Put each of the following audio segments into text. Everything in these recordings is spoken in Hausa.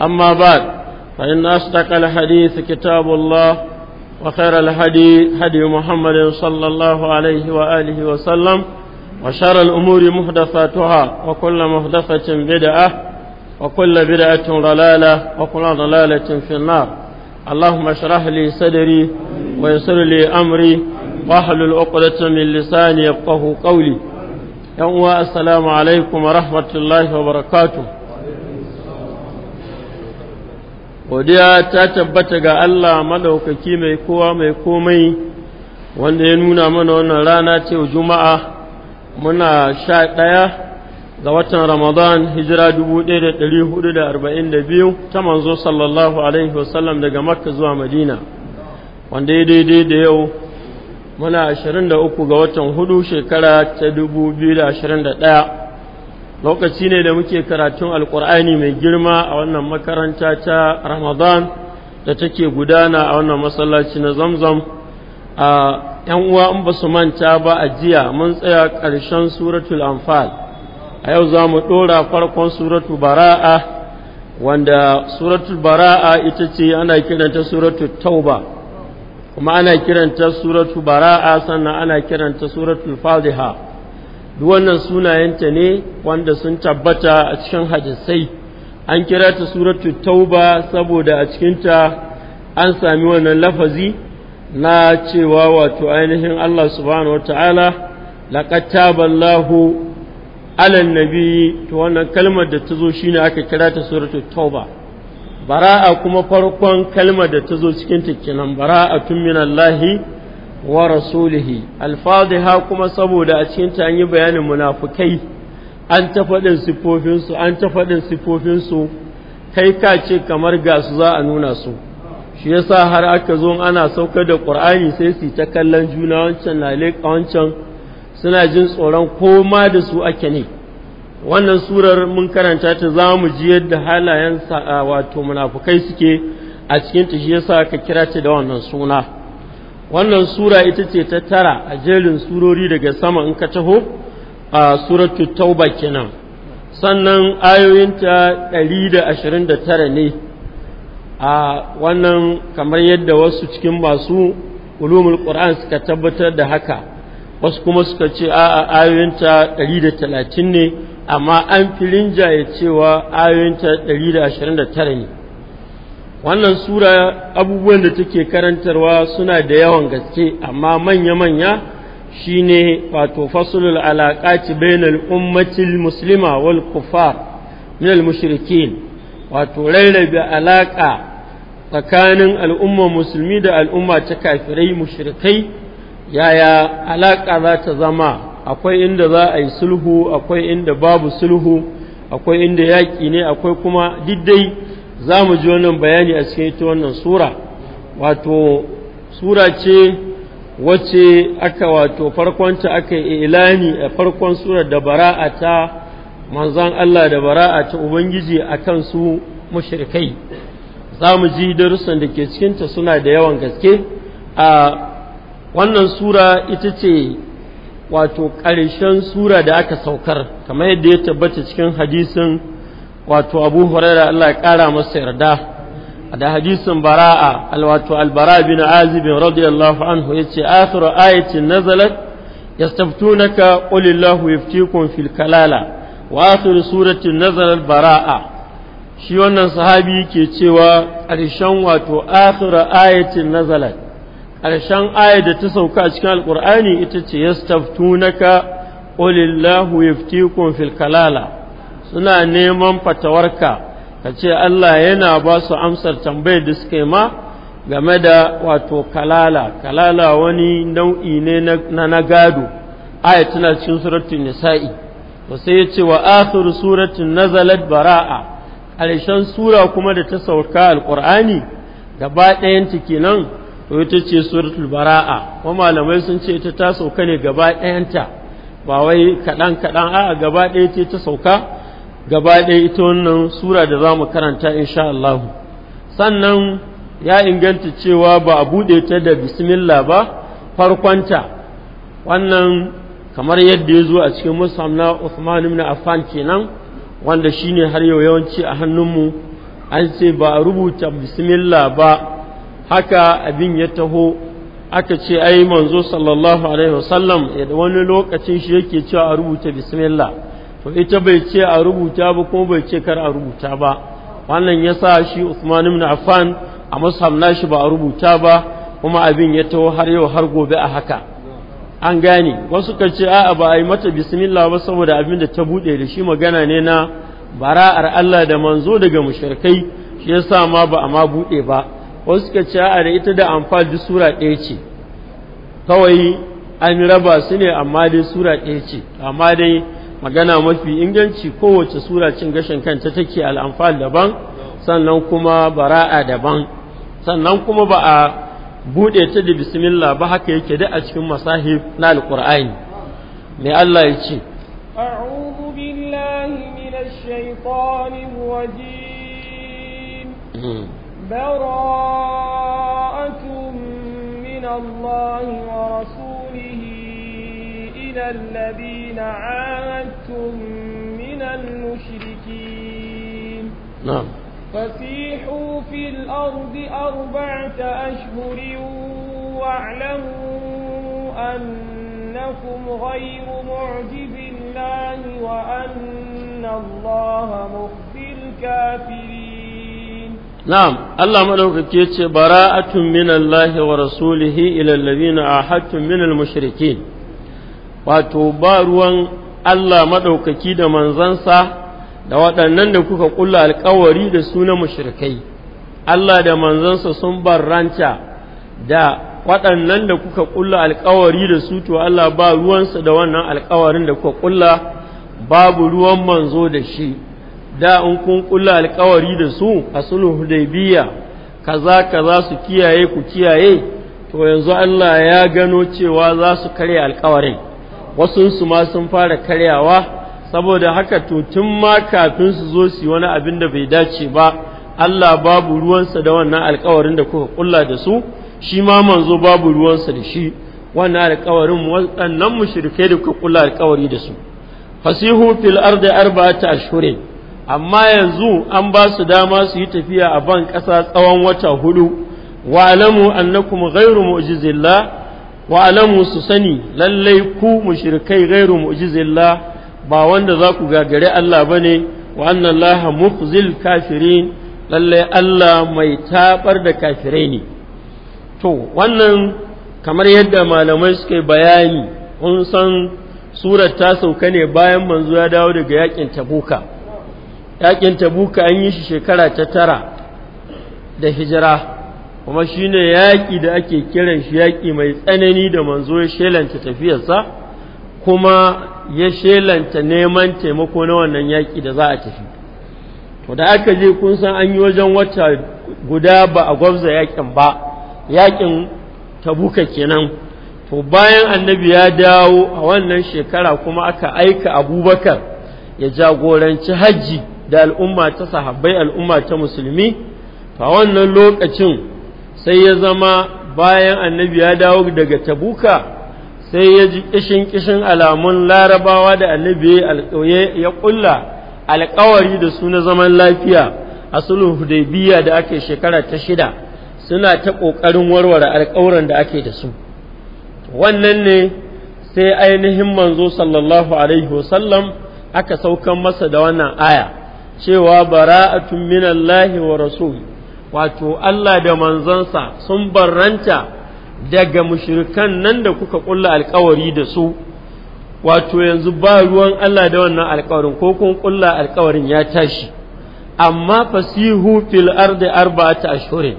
أما بعد فإن أصدق الحديث كتاب الله وخير الهدي هدي محمد صلى الله عليه وآله وسلم وشر الأمور محدثاتها وكل محدثة بدعة وكل بدعة ضلالة وكل ضلالة في النار اللهم اشرح لي صدري ويسر لي أمري واحلل عقدة من لساني يفقه قولي يوم السلام عليكم ورحمة الله وبركاته godiya ta tabbata ga Allah madaukaki mai kowa mai komai wanda ya nuna mana wannan rana ce juma'a muna sha ɗaya ga watan ramadan hijira 1442 ta manzo sallallahu alaihi wasallam daga makka zuwa madina wanda ya daidai da yau muna 23 ga watan hudu shekara ta ɗaya. lokaci ne da muke karatun alkur'ani mai girma a wannan makaranta ta ramadan da take gudana a wannan masallaci na zamzam a yan uwa in ba su manta ba a jiya mun tsaya ƙarshen suratul anfal a yau za mu ɗora farkon suratul bara'a wanda suratul bara'a ita ce ana kiranta suratul tauba kuma ana kiranta suratul bara'a sannan ana kiranta suratul fadiha duk wannan sunayenta ne wanda sun tabbata a cikin hadisai an kira ta suratu tauba saboda a cikinta an sami wannan lafazi na cewa wato ainihin Allah subhanahu wata'ala laqad taballahu ala nabi to wannan kalmar da ta zo shine aka kira ta suratu tauba bara'a kuma farkon kalmar da ta zo cikin ta kenan bara'atun minallahi wa rasulihi ha kuma saboda a cikin ta an yi bayanin munafukai an ta faɗin su an ta faɗin su kai ka ce kamar ga su za a nuna su shi yasa har aka zo ana saukar da ƙur'ani sai su ta kallon juna wancan na leƙa wancan suna jin tsoron koma da su ake ne wannan surar mun karanta ta za mu ji yadda halayen wato munafukai suke a cikin ta shi yasa ka kira ta da wannan suna wannan sura ita ce ta tara a jerin surori daga sama in ka taho a suratu tauba kenan sannan ayoyinta 129 ne a wannan kamar yadda wasu cikin masu ulumul qur'an suka tabbatar da haka wasu kuma suka ce a ayoyinta 130 ne amma an filin ya cewa ayoyinta 129 ne wannan sura abubuwan da take karantarwa suna da yawan gaske amma manya-manya shine wato fasulul alaƙaci bainal ummatil muslima wal kufar minal mushrikin wato rarrabe alaƙa tsakanin al'umma musulmi da al'umma ta kafirai mushrikai yaya alaƙa za ta zama akwai inda za a yi sulhu akwai inda babu sulhu akwai inda yaƙi ne akwai kuma diddai za mu ji wannan bayani a cikin ita wannan sura wato sura ce wacce aka wato farkonta aka yi ilani a farkon sura da bara'a ta manzan Allah da bara'a ta Ubangiji a kan su mashirkai za mu ji darussan da ke cikinta suna da yawan gaske a wannan sura ita ce wato ƙarshen sura da aka saukar kamar yadda ya tabbata cikin hadisin wato abu huraira Allah ya ƙara masa yarda da hadisin bara'a alwato albara bin azibin radiyallahu anhu ya ce akhiru ayatin nazalat yastaftunaka qul illahu yuftikum fil kalala wa akhiru suratin nazalat bara'a shi wannan sahabi ke cewa ƙarshen wato akhiru ayatin nazalat ƙarshen ayat da ta sauka a cikin Alƙur'ani ita ce yastaftunaka qul illahu yuftikum fil kalala suna neman fatawarka ka ce Allah yana ba su amsar tambayar da suke ma game da wato kalala kalala wani nau'i ne na na gado aya tana cikin suratul nisa'i to sai ya ce wa akhir suratul nazalat bara'a ƙarshen sura kuma da ta sauka alqur'ani gaba ɗayan ta kenan to ita ce suratul bara'a kuma malamai sun ce ita ta sauka ne gaba ɗayan ta ba wai kaɗan kaɗan a gaba ɗaya ce ta sauka gaba ɗaya ita wannan sura da za mu karanta insha Allah sannan ya inganta cewa ba a buɗe ta da bismillah ba farkonta wannan kamar yadda ya zo a cikin musam na Uthman ibn Affan kenan wanda shine har yau yawanci a hannunmu an ce ba a rubuta bismillah ba haka abin ya taho aka ce ai manzo sallallahu alaihi wasallam wani lokacin shi yake cewa a rubuta bismillah to ita bai ce a rubuta ba ko bai ce kar a rubuta ba wannan ya sa shi Usman ibn Affan a musam nashi ba a rubuta ba kuma abin ya taho har yau har gobe a haka an gane wasu ka ce a'a ba a yi mata bismillah ba saboda abin da ta bude da shi magana ne na bara'ar Allah da manzo daga mushrikai shi yasa ma ba a ma bude ba wasu ka ce a'a da ita da amfal da sura ɗaya ce kawai an raba su ne amma dai sura ɗaya ce amma dai magana mafi inganci kowace sura cin gashin kanta take al'amfal daban sannan kuma bara'a daban sannan kuma ba a buɗe ta da bismillah ba haka yake da a cikin masahif na alƙur'ani mai Allah ya ce أعوذ بالله من الشيطان من الذين عاهدتم من المشركين نعم فسيحوا في الأرض أربعة أشهر واعلموا أنكم غير معجز الله وأن الله مخزي الكافرين نعم الله ملوك يتشي براءة من الله ورسوله إلى الذين آحدتم من المشركين wato ba ruwan Allah maɗaukaki da manzansa da waɗannan da kuka ƙulla alƙawari da su na mushrikai Allah da manzansa sun bar ranta, da waɗannan da kuka ƙulla alƙawari da su to Allah ba ruwansa da wannan alƙawarin da kuka ƙulla babu ruwan manzo da shi da in kun ƙulla alƙawari da su a sulhu hudaybiya kaza kaza su kiyaye ku kiyaye to yanzu Allah ya gano cewa za su karya alƙawarin. wasunsu ma sun fara karyawa saboda haka to tun ma kafin su zo su wani abin da bai dace ba Allah babu ruwansa da wannan alkawarin da kuka kulla da su shi ma manzo babu ruwansa da shi wannan alkawarin waɗannan mushrikai da kuka kulla alkawari da su fasihu fil ardi arba'ata ashhurin amma yanzu an ba su dama su yi tafiya a ban ƙasa tsawon wata hudu walamu alamu annakum ghairu mu'jizillah wa alamu su sani lallai ku mushrikai ghairu mu'jizillah ba wanda za ku gagare Allah bane wa anna Allah mukhzil kafirin lallai Allah mai tabar da kafirai ne to wannan kamar yadda malamai suka bayani kun san surar ta sauka ne bayan manzo ya dawo daga yakin tabuka yakin tabuka an yi shi shekara ta tara da hijira kuma shi ne yaƙi da ake kiran shi yaƙi mai tsanani da manzo ya shelanta tafiyarsa kuma ya shelanta neman taimako na wannan yaƙi da za a tafi to da aka je kun san an yi wajen wata guda ba a gwabza yaƙin ba yaƙin tabuka kenan to bayan annabi ya dawo a wannan shekara kuma aka aika abubakar ya jagoranci hajji da al'umma ta sahabbai al'umma ta musulmi a wannan lokacin sai ya zama bayan annabi ya dawo daga tabuka sai ya ji kishin kishin alamun larabawa da annabi ya kulla alkawari da su na zaman lafiya a sulhu hudaybiya da ake shekara ta shida suna ta ƙoƙarin warware alƙawuran da ake da su wannan ne sai ainihin manzo sallallahu alaihi wasallam aka saukan masa da wannan aya cewa bara'atun minallahi wa rasuli wato Allah da manzansa sun barranta daga mushrikan nan da kuka kulla alkawari da su wato yanzu ba ruwan Allah da wannan alkawarin ko kun kulla alkawarin ya tashi amma fasihu fil ardi arba'ata ashhurin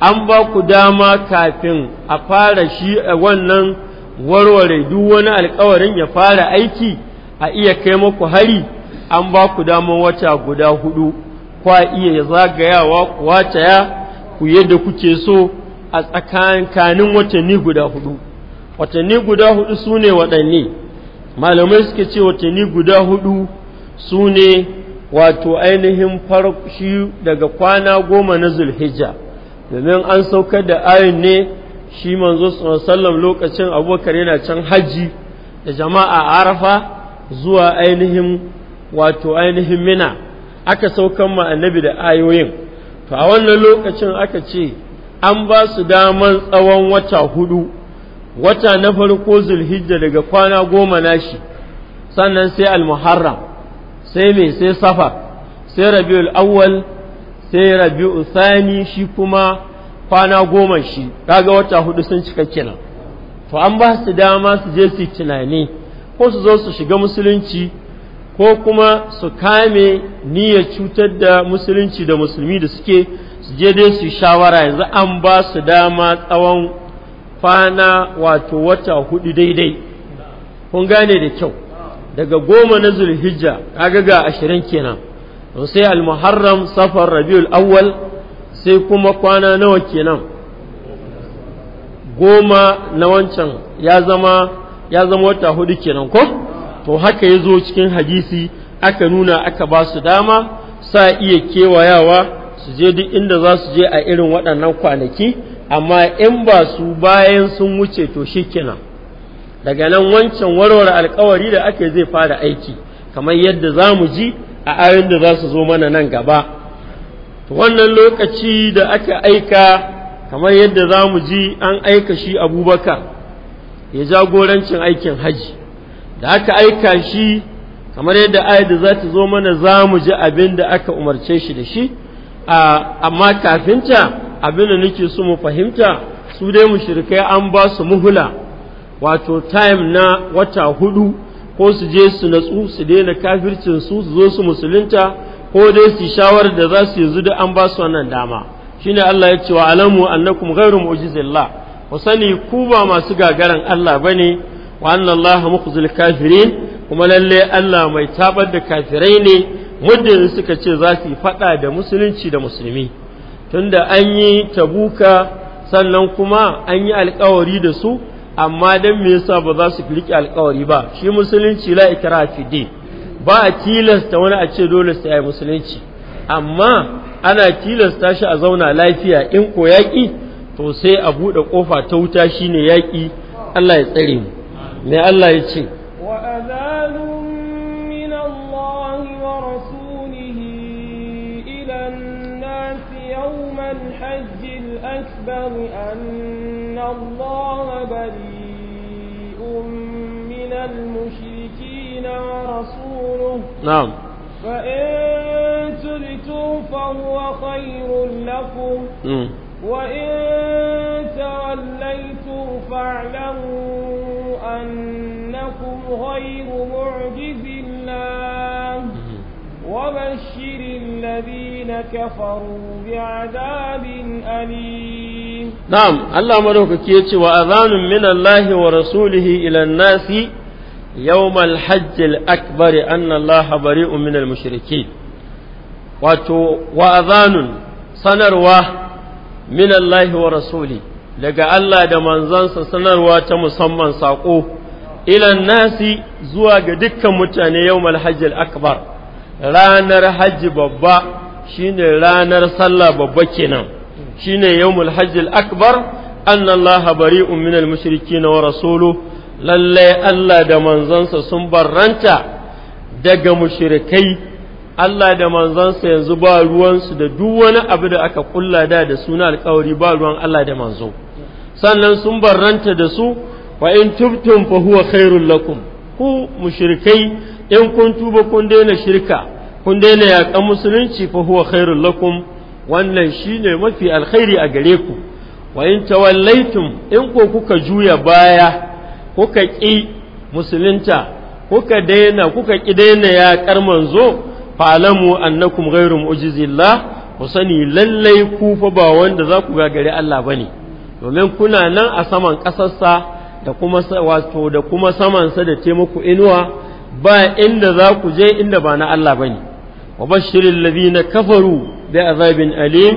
an ba ku dama kafin a fara shi wannan warware duk wani alkawarin ya fara aiki a iya kai muku hari an ba ku daman wata guda hudu kwa iya ya zagayawa ku wataya ku yadda kuke so a tsakanin watanni guda hudu watanni guda hudu su ne waɗanne malamai suke ce watanni guda hudu su ne wato ainihin farshi daga kwana goma na zulhijja domin an saukar da ayin ne shi manzo sallam lokacin abubakar yana can hajji da jama'a arafa zuwa ainihin wato ainihin mina aka saukan ma annabi da ayoyin to a wannan lokacin aka ce an ba su daman tsawon wata hudu wata na farko zulhijja daga kwana goma nashi sannan sai almuharram sai mai sai safar sai rabiul awwal sai rabiul thani shi kuma kwana goma shi kaga wata hudu sun cika kenan to an ba su dama su je su tunani ko su zo su shiga musulunci ko kuma su kame niyyar cutar da musulunci da musulmi da suke su je dai su shawara yanzu an ba su dama tsawon kwana wato wata hudu daidai kun gane da kyau daga goma na zulhijja kaga ga ashirin kenan to sai almuharram safar rabiul awwal sai kuma kwana nawa kenan goma na wancan ya zama ya zama wata hudu kenan ko to haka ya zo cikin hadisi aka nuna aka ba su dama sa iya kewayawa su je duk inda za su je a irin waɗannan kwanaki amma in ba su bayan sun wuce to shi kina daga nan wancan warware alkawari da aka zai fara aiki kamar yadda za mu ji a ayin da za su zo mana nan gaba wannan lokaci da aka aika kamar yadda za mu ji an aika shi abubakar ya jagorancin aikin haji da aka aika shi kamar yadda ayat da za ta zo mana za mu ji abin da aka umarce shi da shi amma kafinta abin da nake so mu fahimta su dai mu mushrikai an ba su muhula wato time na wata hudu ko su je su natsu su daina kafircin su su zo su musulunta ko dai su shawar da za su yanzu da an ba su wannan dama shine Allah ya ce wa alamu annakum ghairu mu'jizillah ku sani ku ba masu gagaran Allah bane wa anna allaha mukhzil kafirin kuma lalle Allah mai tabar da kafirai ne muddin suka ce za su yi faɗa da musulunci da musulmi tunda an yi tabuka sannan kuma an yi alkawari da su amma dan me yasa ba za su riƙe alkawari ba shi musulunci la ikra fi ba a tilasta wani a ce dole sai ai musulunci amma ana tilasta shi a zauna lafiya in ko yaƙi to sai a buɗe ƙofa ta wuta shine yaƙi Allah ya tsare mu لألا يتشي وأذان من الله ورسوله إلى الناس يوم الحج الأكبر أن الله بريء من المشركين ورسوله نعم فإن تلتوا فهو خير لكم وإن توليتم فاعلموا أنكم غير معجز الله وبشر الذين كفروا بعذاب أليم نعم الله ملوك كيتي وأذان من الله ورسوله إلى الناس يوم الحج الأكبر أن الله بريء من المشركين وأذان sanarwa min Allah wa rasuli daga Allah da manzansa sanarwa ta musamman saƙo ilan nasi zuwa ga dukkan mutane yau malhajjil akbar ranar hajji babba shine ranar sallah babba kenan shine yau malhajjil akbar an Allah bari'un minal mushriki na wa rasulu lallai Allah da manzansa sun barranta daga mushrikai Allah da manzansa yanzu ba ruwan su da duk wani abu da aka kulla da da suna alkawari ba ruwan Allah da manzo sannan sun barranta da su wa in tubtum fa huwa khairul lakum ku mushrikai in kun tuba kun daina shirka kun daina yaƙan musulunci fa huwa khairul lakum wannan shine mafi alkhairi a gare ku wa in tawallaitum in ko kuka juya baya kuka ƙi musulunta kuka daina kuka ki daina yaƙar manzo fa'alamu annakum ghairu mu'jizillah ku sani lallai ku fa ba wanda za ku gagari Allah bane domin kuna nan a saman ƙasarsa da kuma wato da kuma samansa da taimako inuwa ba inda za ku je inda ba na Allah bane wa bashirin ladina kafaru bi azabin alim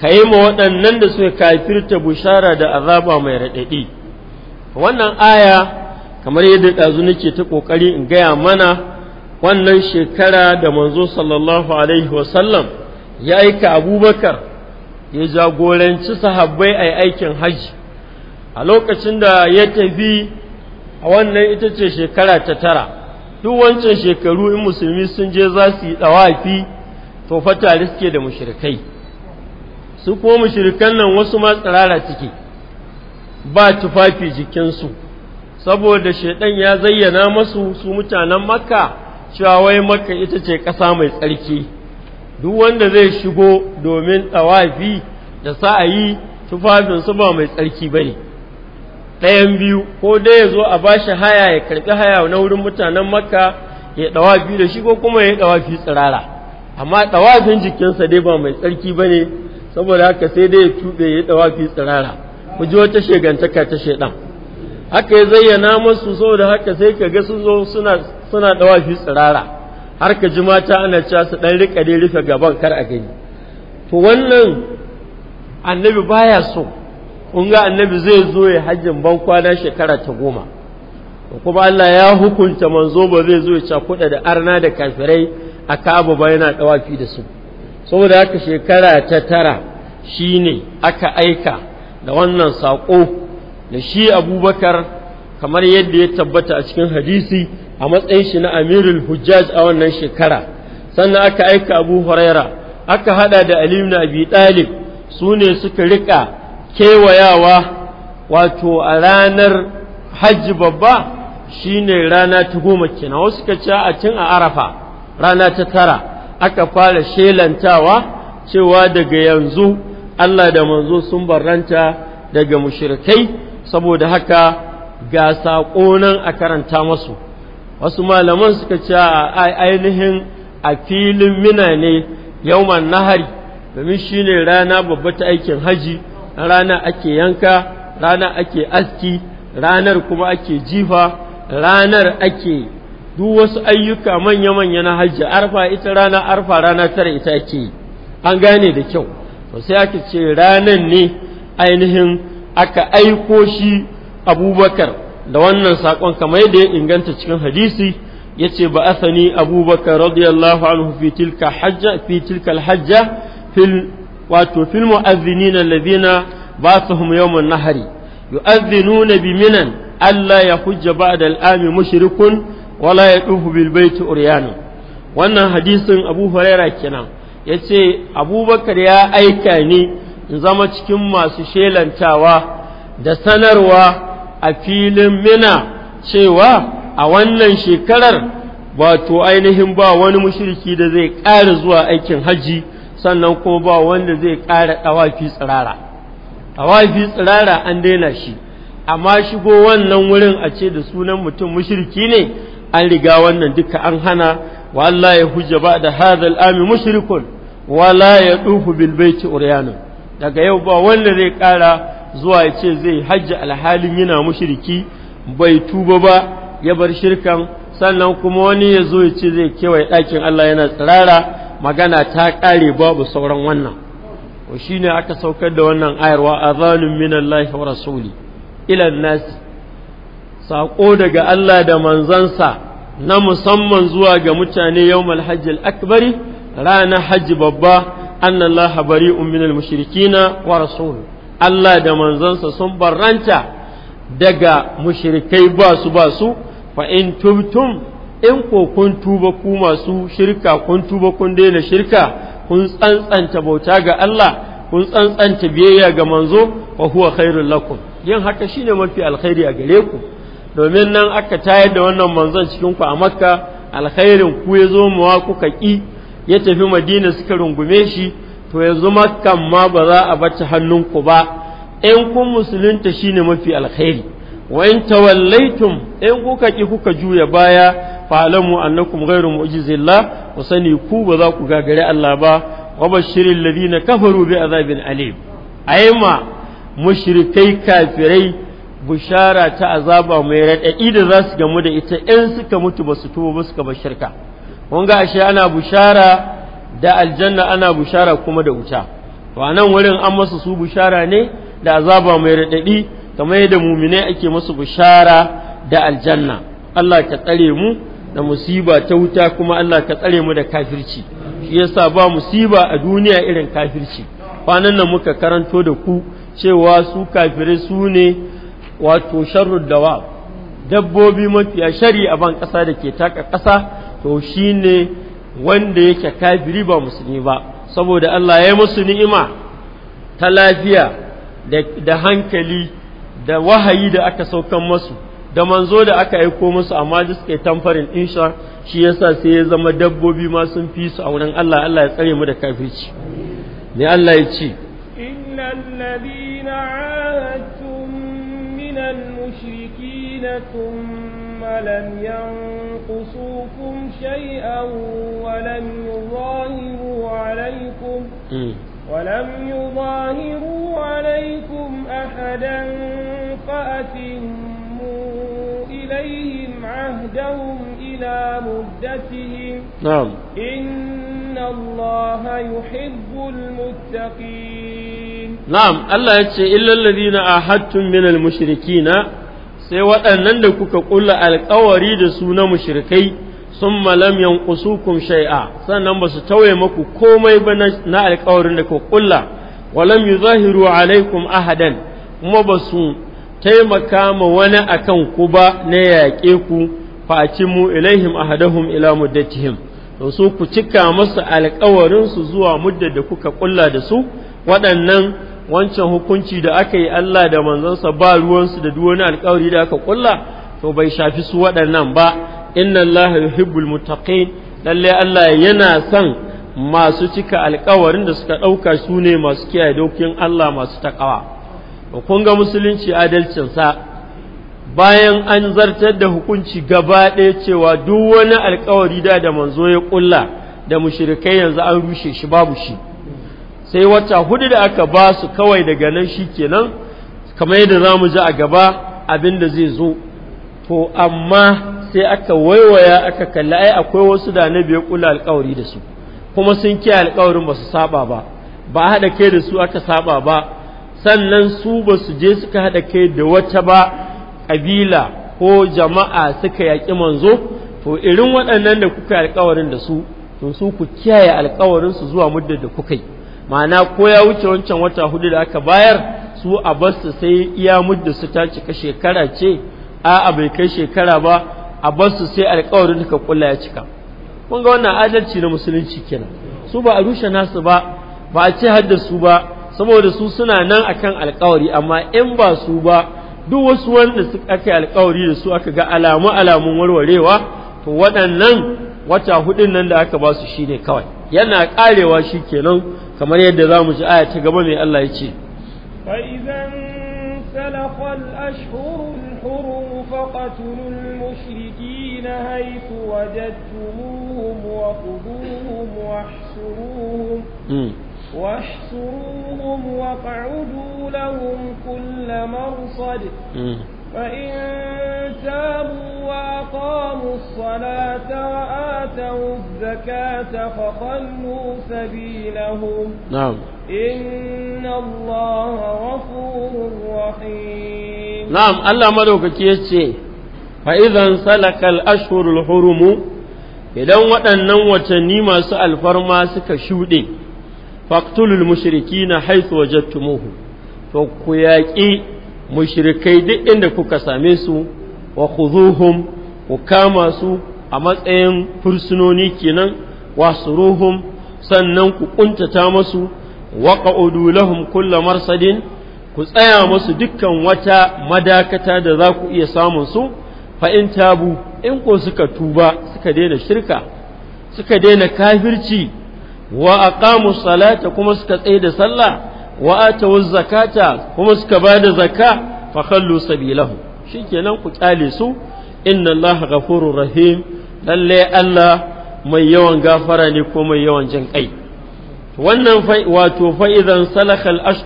kai ma waɗannan da suka kafirta bushara da azaba mai raɗaɗi wannan aya kamar yadda ɗazu nake ta ƙoƙari in gaya mana wannan shekara da manzo sallallahu alaihi wasallam ya aika abubakar ya jagoranci sahabbai a aikin hajji a lokacin da ya tafi a wannan ita ce shekara ta tara duk wancan shekaru in musulmi sun je za su yi ɗawafi to fa tare suke da mushrikai su kuma mushrikan nan wasu ma tsirara suke ba tufafi jikinsu saboda shaidan ya zayyana masu su mutanen makka cewa wai makka ita ce ƙasa mai tsarki duk wanda zai shigo domin tsawafi da sa'ayi tufafinsu ba mai tsarki ba ne ɗayan biyu ko dai ya zo a bashi haya ya karɓi haya na wurin mutanen makka ya ɗawafi da shigo kuma ya ɗawafi tsirara amma ɗawafin jikinsa dai ba mai tsarki ba ne saboda haka sai dai ya tube ya ɗawafi tsirara ku ji wata shegantaka ta shaiɗan haka ya zayyana masu da haka sai ka ga sun zo suna suna shi tsirara har ka ji mata ana cewa su dan rika dai rufe gaban kar a gani to wannan annabi baya so kun ga annabi zai zo ya hajjin ban kwana shekara ta goma kuma Allah ya hukunta manzo ba zai zo ya kuɗa da arna da kafirai a kabu ba yana ɗawafi da su saboda haka shekara ta tara shine aka aika da wannan saƙo da shi abubakar kamar yadda ya tabbata a cikin hadisi a matsayin shi na amirul hujjaj a wannan shekara sannan aka aika abu huraira aka hada da alim na abi ɗalib su ne suka rika kewayawa wato a ranar hajji babba shine rana ta goma kenan wasu suka ce a cin a arafa rana ta tara aka fara shelantawa cewa daga yanzu Allah da manzo sun barranta daga mushrikai saboda haka ga nan a karanta masu wasu malaman suka ce a ainihin a filin mina ne yawman nahari domin shi ne rana babba ta aikin haji rana ake yanka rana ake aski ranar kuma ake jifa ranar ake duk wasu ayyuka manya-manya na hajji arfa ita rana arfa rana tara ita ake an gane da kyau to sai ake ce ranan ne ainihin aka aiko shi abubakar da wannan saƙon kamar yadda ya inganta cikin hadisi ya ce ba asani abubakar radiyallahu anhu fi tilka hajja fi tilka alhajja fil wato fil mu'azzinina alladhina basuhum yawm an-nahri yu'azzinuna bi minan alla yahujja ba'da al-ami mushrikun wala yadufu bil bayti uryana wannan hadisin abu huraira kenan yace abubakar ya aika ni in zama cikin masu shelantawa da sanarwa a filin mina cewa a wannan shekarar ba to ainihin ba wani mushriki da zai ƙara zuwa aikin hajji sannan kuma ba wanda zai ƙara ɗawafi tsirara ɗawafi tsirara an daina shi amma shigo wannan wurin a ce da sunan mutum mushriki ne an riga wannan duka an hana ya hujja ba da hadal ami mushrikun wala ya ɗuhu bil baiti daga yau ba wanda zai ƙara zuwa ya ce zai hajji alhalin yana mushriki bai tuba ba ya bar shirkan sannan kuma wani ya zo ya ce zai kewaye ɗakin Allah yana tsirara magana ta ƙare babu sauran wannan wa ne aka saukar da wannan ayar wa azalun minallahi wa rasuli ila nas sako daga Allah da manzansa na musamman zuwa ga mutane yawmal hajjil akbari ranar hajji babba annallaha bari'un minal mushrikina wa rasuluhu Allah da manzansa sun barranta daga mushrikai ba su ba su fa in tubtum in ko kun tuba ku masu shirka kun tuba kun daina shirka kun tsantsanta bauta ga Allah kun tsantsanta biyayya ga manzo wa huwa khairul lakum yin haka shine mafi alkhairi a gare ku domin nan aka tayar da wannan manzon cikin ku a Makka alkhairin ku ya zo muwa kuka ki ya tafi Madina suka rungume shi to yanzu makkan ma ba za a bata hannunku ba in kun musulunta shine mafi alkhairi wa in tawallaitum in kuka ki kuka juya baya fa'lamu annakum ghairu mu'jizillah ku sani ku ba za ku gagare Allah ba wa bashiril ladina kafaru bi azabin alim ayma mushrikai kafirai bushara ta azaba mai radadi da za su gamu da ita in suka mutu ba su tuba ba suka bar shirka kun ga ashe ana bushara da aljanna ana bushara kuma da wuta to nan wurin an masa su bushara ne da azaba mai radadi kamar yadda muminai ake masa bushara da aljanna Allah ka tsare mu da musiba ta wuta kuma Allah ka tsare mu da kafirci shi yasa ba musiba a duniya irin kafirci kwanan nan muka karanto da ku cewa su kafirai su ne wato sharrud dawa dabbobi mafiya shari a ban ƙasa da ke taka ƙasa to shine wanda yake kafiri ba musulmi ba saboda Allah ya yi musu ni'ima ta lafiya da hankali da wahayi da aka saukan masu da manzo da aka aiko musu amma da suka tamfarin insha shi yasa sai ya zama dabbobi ma sun fi su a wurin Allah Allah ya tsare mu da kafirci ne Allah ya ce innal ladina ahadtum minal mushrikina ثم لم ينقصوكم شيئا ولم يظاهروا عليكم ولم يظاهروا عليكم أحدا فأتموا إليهم عهدهم إلى مدتهم نعم إن الله يحب المتقين نعم الله يتشئ إلا الذين آحدتم من المشركين sai waɗannan da kuka ƙulla alƙawari da su na mushrikai sun malam yanqusukum shai'a sannan ba su tauye maku komai ba na alƙawarin da kuka ƙulla walam yuzahiru alaikum ahadan kuma ba su taimaka ma wani akan ku ba na yaƙe ku mu ilaihim ahadahum ila muddatihim to su ku cika masa alƙawarin su zuwa muddar da kuka ƙulla da su waɗannan wancan hukunci da aka yi Allah da manzansa ba ruwansu da duwani alkawari da aka kulla to bai shafi su waɗannan ba inna Allah hibbul mutaqin, lalle Allah yana son masu cika alkawarin da suka ɗauka su ne masu kiyaye dokin Allah masu takawa kun ga musulunci sa bayan an zartar da hukunci gaba ɗaya cewa duk wani alkawari da da manzo ya kulla da mushrikai yanzu an rushe shi babu shi sai wata hudu da aka ba su kawai daga nan shi kenan kamar yadda za mu ji a gaba abin da zai zo to amma sai aka waiwaya aka kalla ai akwai wasu da na ya kula alkawari da su kuma sun kiyaye alkawarin ba su saba ba ba haɗa kai da su aka saba ba sannan su ba su je suka haɗa kai da wata ba ƙabila ko jama'a suka yaƙi manzo to irin waɗannan da kuka yi alkawarin da su to su ku kiyaye alkawarin su zuwa muddin da kuka yi ma'ana ko ya wuce wancan wata hudu da aka bayar su a basu sai iya mudda su ta cika shekara ce a bai kai shekara ba a basu sai alkawarin da ka kulla ya cika kun ga wannan adalci na musulunci kenan su ba a rushe nasu ba ba a ce hadda su ba saboda su suna nan akan alkawari amma in ba su ba duk wasu wanda aka yi alkawari da su aka ga alamu alamun warwarewa to waɗannan wata hudun nan da aka ba su shine kawai yana ƙarewa shi kenan kamar yadda za mu ji aya ta gaba mai Allah ya ce. idan salakha al-ashhur al-hurum faqatulu al-mushrikeen haythu wajadtumuhum wa quduhum wahsuruhum واحصروهم فإن تابوا وأقاموا الصلاة وآتوا الزكاة فخلوا سبيلهم نعم إن الله غفور رحيم نعم الله ملوك كيسي فإذا انسلك الأشهر الحرم idan waɗannan watanni masu alfarma suka shuɗe faktulul mushrikina haithu wajadtumuhu to ku yaƙi mushrikai duk inda kuka same su wa khuzuhum ku kama su a matsayin fursunoni kenan wasuruhum sannan ku kuntata masu wa qa'udu lahum kullu marsadin ku tsaya masu dukkan wata madakata da za ku iya samun su fa in tabu in ko suka tuba suka daina shirka suka daina kafirci wa aqamu salata kuma suka tsaye da sallah wa atawu zakata kuma suka bada zakka fa Shi sabilahu shikenan ku ƙyale su inna Allah ghafurur rahim lalle Allah mai yawan gafara ne ko mai yawan jin wannan wato fa'idan idan salakha al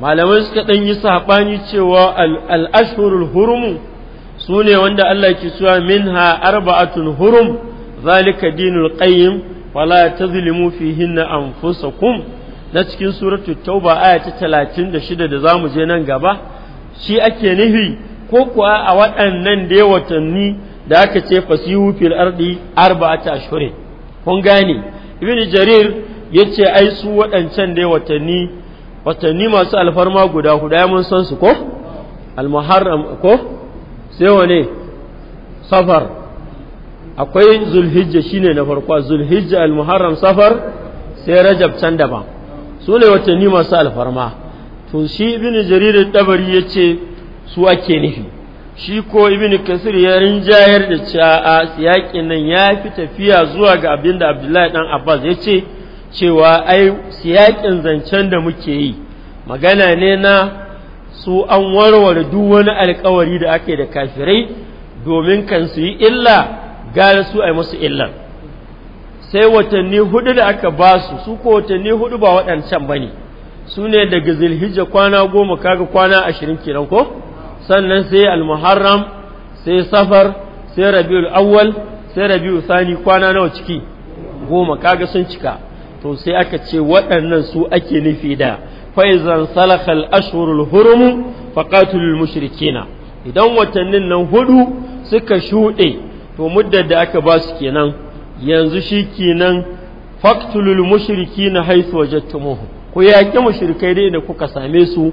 malamai suka ɗan yi saɓani cewa al ashhurul hurum sune wanda Allah ki ke cewa minha arba'atun hurum zalika dinul qayyim wala tazlimu fihinna kum. na cikin suratul tauba aya ta talatin da shida da zamu je nan gaba shi ake nufi ko kuwa a waɗannan da watanni da aka ce fasihu fil ardi arba'ata shure kun gane ibn jarir yace ai su waɗancan da watanni watanni masu alfarma guda huda mun san su ko al ko sai wane safar akwai zulhijja shine na farko zulhijja al safar sai rajab can daban su ne watanni masu alfarma to shi ibini jaridar dabari ya ce su ake nufi shi ko ibini kasir ya rinjayar da cewa a siyaƙin nan ya fi tafiya zuwa ga abin da abdullahi dan abbas ya ce cewa ai siyaƙin zancen da muke yi magana ne na su an warware duk wani alkawari da ake da kafirai domin kan su yi illa gara su a yi musu illan sai watanni hudu da aka ba su su ko watanni hudu ba waɗancan ba ne su ne daga zilhijja kwana goma kaga kwana ashirin kenan ko sannan sai almuharram sai safar sai rabiul awwal sai rabiul sani kwana nawa ciki goma kaga sun cika to sai aka ce waɗannan su ake nufi da faizan salakal ashhurul hurum faqatul mushrikina idan watannin nan hudu suka shuɗe to muddar da aka ba su kenan yanzu shi kenan faktulul mushriki na haisu tumuhu ku yaƙi mushrikai dai da kuka same su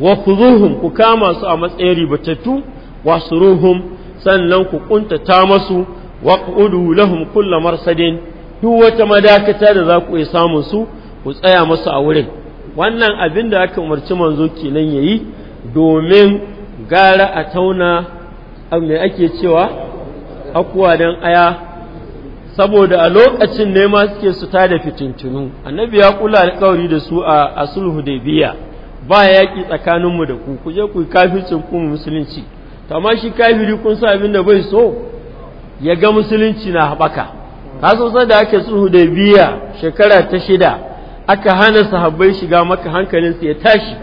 wa kuzuhum ku kama su a matsayin ribatattu wa ruhun sannan ku kuntata masu wa qudu lahum kulla marsadin duk wata madakata da za ku iya samun su ku tsaya masu a wurin wannan abin da aka umarci manzo kenan yayi domin gara a tauna me ake cewa akuwa don aya saboda a lokacin ne ma suke su da fitintunu annabi ya kula alƙawari da su a asulhu biya ba yaƙi tsakaninmu da ku ku je ku kafircin ku musulunci amma shi kafiri kun sa abin da bai so ya ga musulunci na haɓaka ka so sai da ake sulhu da biya shekara ta shida aka hana sahabbai shiga maka hankalin su ya tashi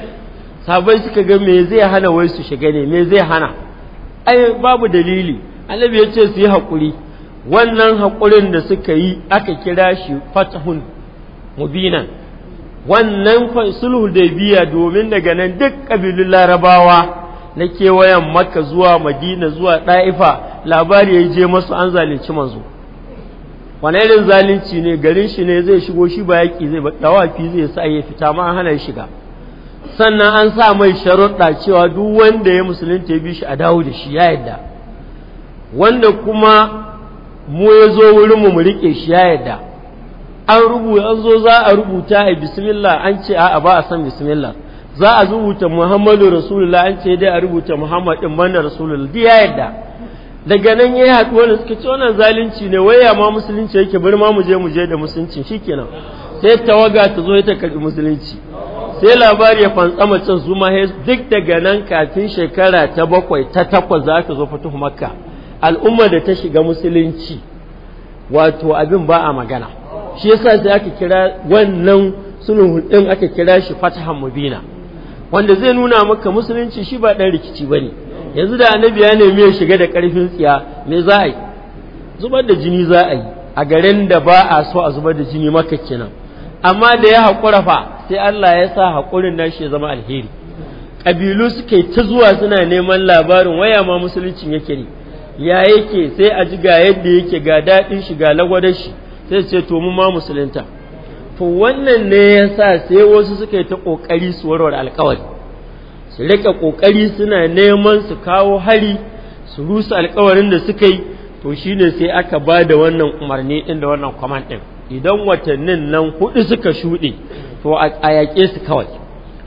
sahabbai suka ga me zai hana wai su shiga ne me zai hana ai babu dalili annabi ya ce su yi haƙuri wannan haƙurin da suka yi aka kira shi fatahun mubinan wannan sulhu da biya domin daga nan duk ƙabilun larabawa na kewayen maka zuwa madina zuwa ɗa'ifa labari ya je masu an zalunci manzo wani irin zalunci ne garin shi ne zai shigo shi ba yaƙi zai dawafi zai sa ya fita ma an hana shiga sannan an sa mai sharuɗa cewa duk wanda ya musulunta ya bi shi a dawo da shi ya yadda wanda kuma mu ya zo wurinmu mu riƙe shi ya yadda an rubuta an zo za a rubuta a bismillah an ce a'a ba a san bismillah za a rubuta muhammadu rasulullah an ce dai a rubuta muhammad din banda rasulullah dai ya yadda daga nan ya haɗu wani suka ce wannan zalunci ne waya ma musulunci yake bari ma mu je mu je da musulunci shikenan sai tawaga ta zo ta karbi musulunci sai labari ya fantsama can su ma duk daga nan kafin shekara ta bakwai ta takwas za ka zo fatuhu makka al'ummar da ta shiga musulunci wato abin ba a magana shi yasa sai aka kira wannan sulhun din aka kira shi fatahan mubina wanda zai nuna maka musulunci shi ba dan rikici bane yanzu da annabi ya nemi ya shiga da karfin tsiya me za a yi zubar da jini za a yi a garin da ba a so a zubar da jini maka kenan amma da ya haƙura fa sai Allah ya sa haƙurin nashi ya zama alheri ƙabilu suke yi ta zuwa suna neman labarin waya ma musuluncin yake ne ya yake sai a ji ga yadda yake ga daɗin shi ga lagwadar shi sai ce to mu ma musulunta to wannan ne ya sa sai wasu suka yi ta ƙoƙari su warware alkawari su rika ƙoƙari suna neman su kawo hari su rusa alkawarin da suka yi to shine sai aka ba da wannan umarni ɗin da wannan kwaman ɗin idan watannin nan hudu suka shuɗe to a yaƙe su kawai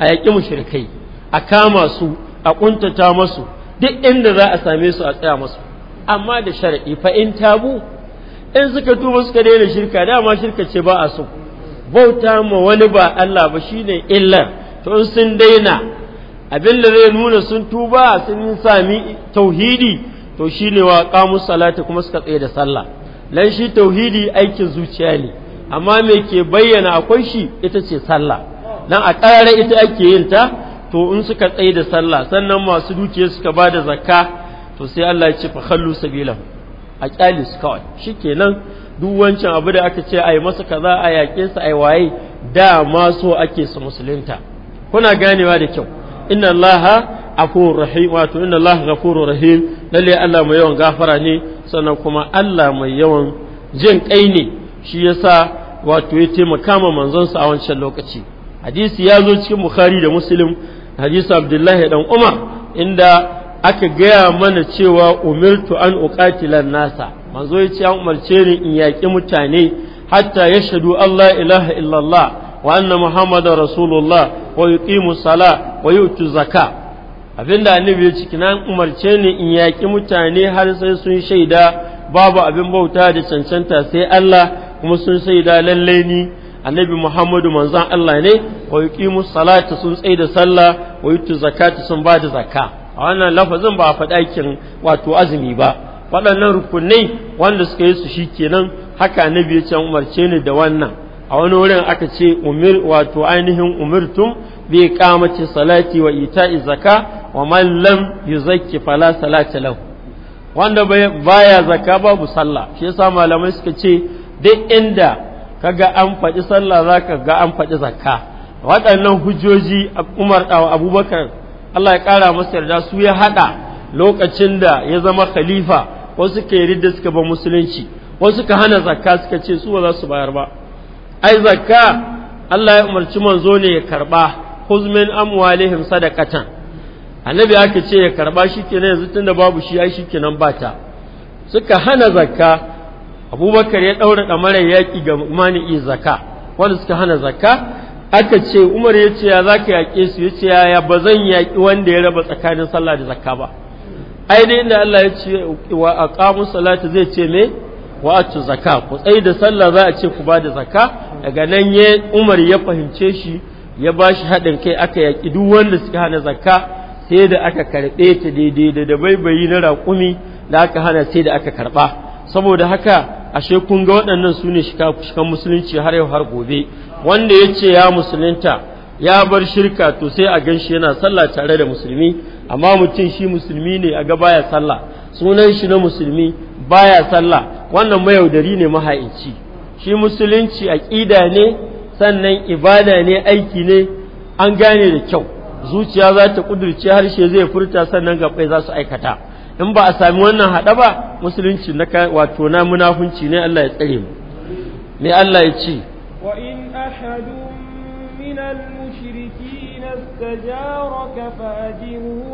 a yaƙi mushrikai a kama su a ƙuntata masu duk inda za a same su a tsaya masu amma da shar'i fa in tabu in suka tuba suka daina shirka dama shirka ce ba a so bauta ma wani ba Allah ba shine illar to in sun daina abin da zai nuna sun tuba sun sami tauhidi to shine wa qamu salati kuma suka tsaye da sallah lan shi tauhidi aikin zuciya ne amma me ke bayyana akwai shi ita ce sallah dan a karare ita ake yin ta to in suka tsaye da sallah sannan masu dukiya suka ba da zakka to sai Allah ya ce fa khallu sabilahu a su kawai shikenan duk wancan abu da aka ce ai masa kaza a yake sa ai waye da ma so ake su musulunta kuna ganewa da kyau inna allaha afur rahim wato inna allaha ghafurur rahim lalle Allah mai yawan gafara ne sannan kuma Allah mai yawan jin kai ne shi yasa wato ya taimaka ma manzon sa a wancan lokaci hadisi ya zo cikin bukhari da muslim hadisi abdullahi dan umar inda aka gaya mana cewa umirtu an uqatilan nasa manzo yace an umarce ni in yaƙi mutane hatta ya yashhadu Allah ilaha illallah wa anna muhammadar rasulullah wa yuqimu sala wa yutu zaka abinda annabi ya ciki an umarce ni in yaƙi mutane har sai sun shaida babu abin bauta da cancanta sai Allah kuma sun shaida lallai ni annabi muhammadu manzon Allah ne wa yuqimu salata sun tsaida sallah wa yutu zakata sun ba da zakka a wannan lafazin ba a ɗakin wato azumi ba waɗannan rukunai wanda suka yi su shi kenan haka na ya can umarce ni da wannan a wani wurin aka ce umir wato ainihin umirtum bi qamati salati wa ita'i zaka wa man lam yuzakki fala salata lahu wanda baya zaka babu sallah shi yasa malamai suka ce duk inda kaga an faɗi sallah zaka ga an faɗi zakka waɗannan hujjoji Umar Abubakar Allah ya ƙara masa yarda su ya haɗa lokacin da ya zama khalifa wasu ka yarda suka ba musulunci wasu ka hana zakka suka ce su ba za su bayar ba ai zakka Allah ya umarci manzo ne ya karba huzmin amwalihim sadaqatan annabi aka ce ya karba shikenan yanzu tunda babu shi ai shikenan bata suka hana zakka abubakar ya daura damarar yaki ga mani'i zakka wanda suka hana zakka aka ce umar ya ce ya za ka yaƙe su ya ce ba zan yaƙi wanda ya raba tsakanin sallah da zakka ba ai dai inda Allah ya ce wa aqamu salata zai ce me wa atu zakka ku tsayi da sallah za a ce ku ba da zakka daga nan ya umar ya fahimce shi ya ba shi haɗin kai aka yaƙi duk wanda suka hana zakka sai da aka karɓe ta daidai da da baibayi na raƙumi da aka hana sai da aka karɓa saboda haka ashe kun ga waɗannan su ne shikan musulunci har yau har gobe wanda ya ce ya musulunta ya bar shirka to sai a gan shi yana sallah tare da musulmi amma mutum shi musulmi ne a ga baya sallah sunan shi na musulmi baya sallah wannan mayaudari ne mahaici shi musulunci aƙida ne sannan ibada ne aiki ne an gane da kyau zuciya za ta ƙudurce harshe zai furta sannan gaɓai za su aikata in ba a sami wannan haɗa ba musulunci na wato na munafunci ne Allah ya tsare mu me Allah ya ce wa in ahadun min al-mushrikin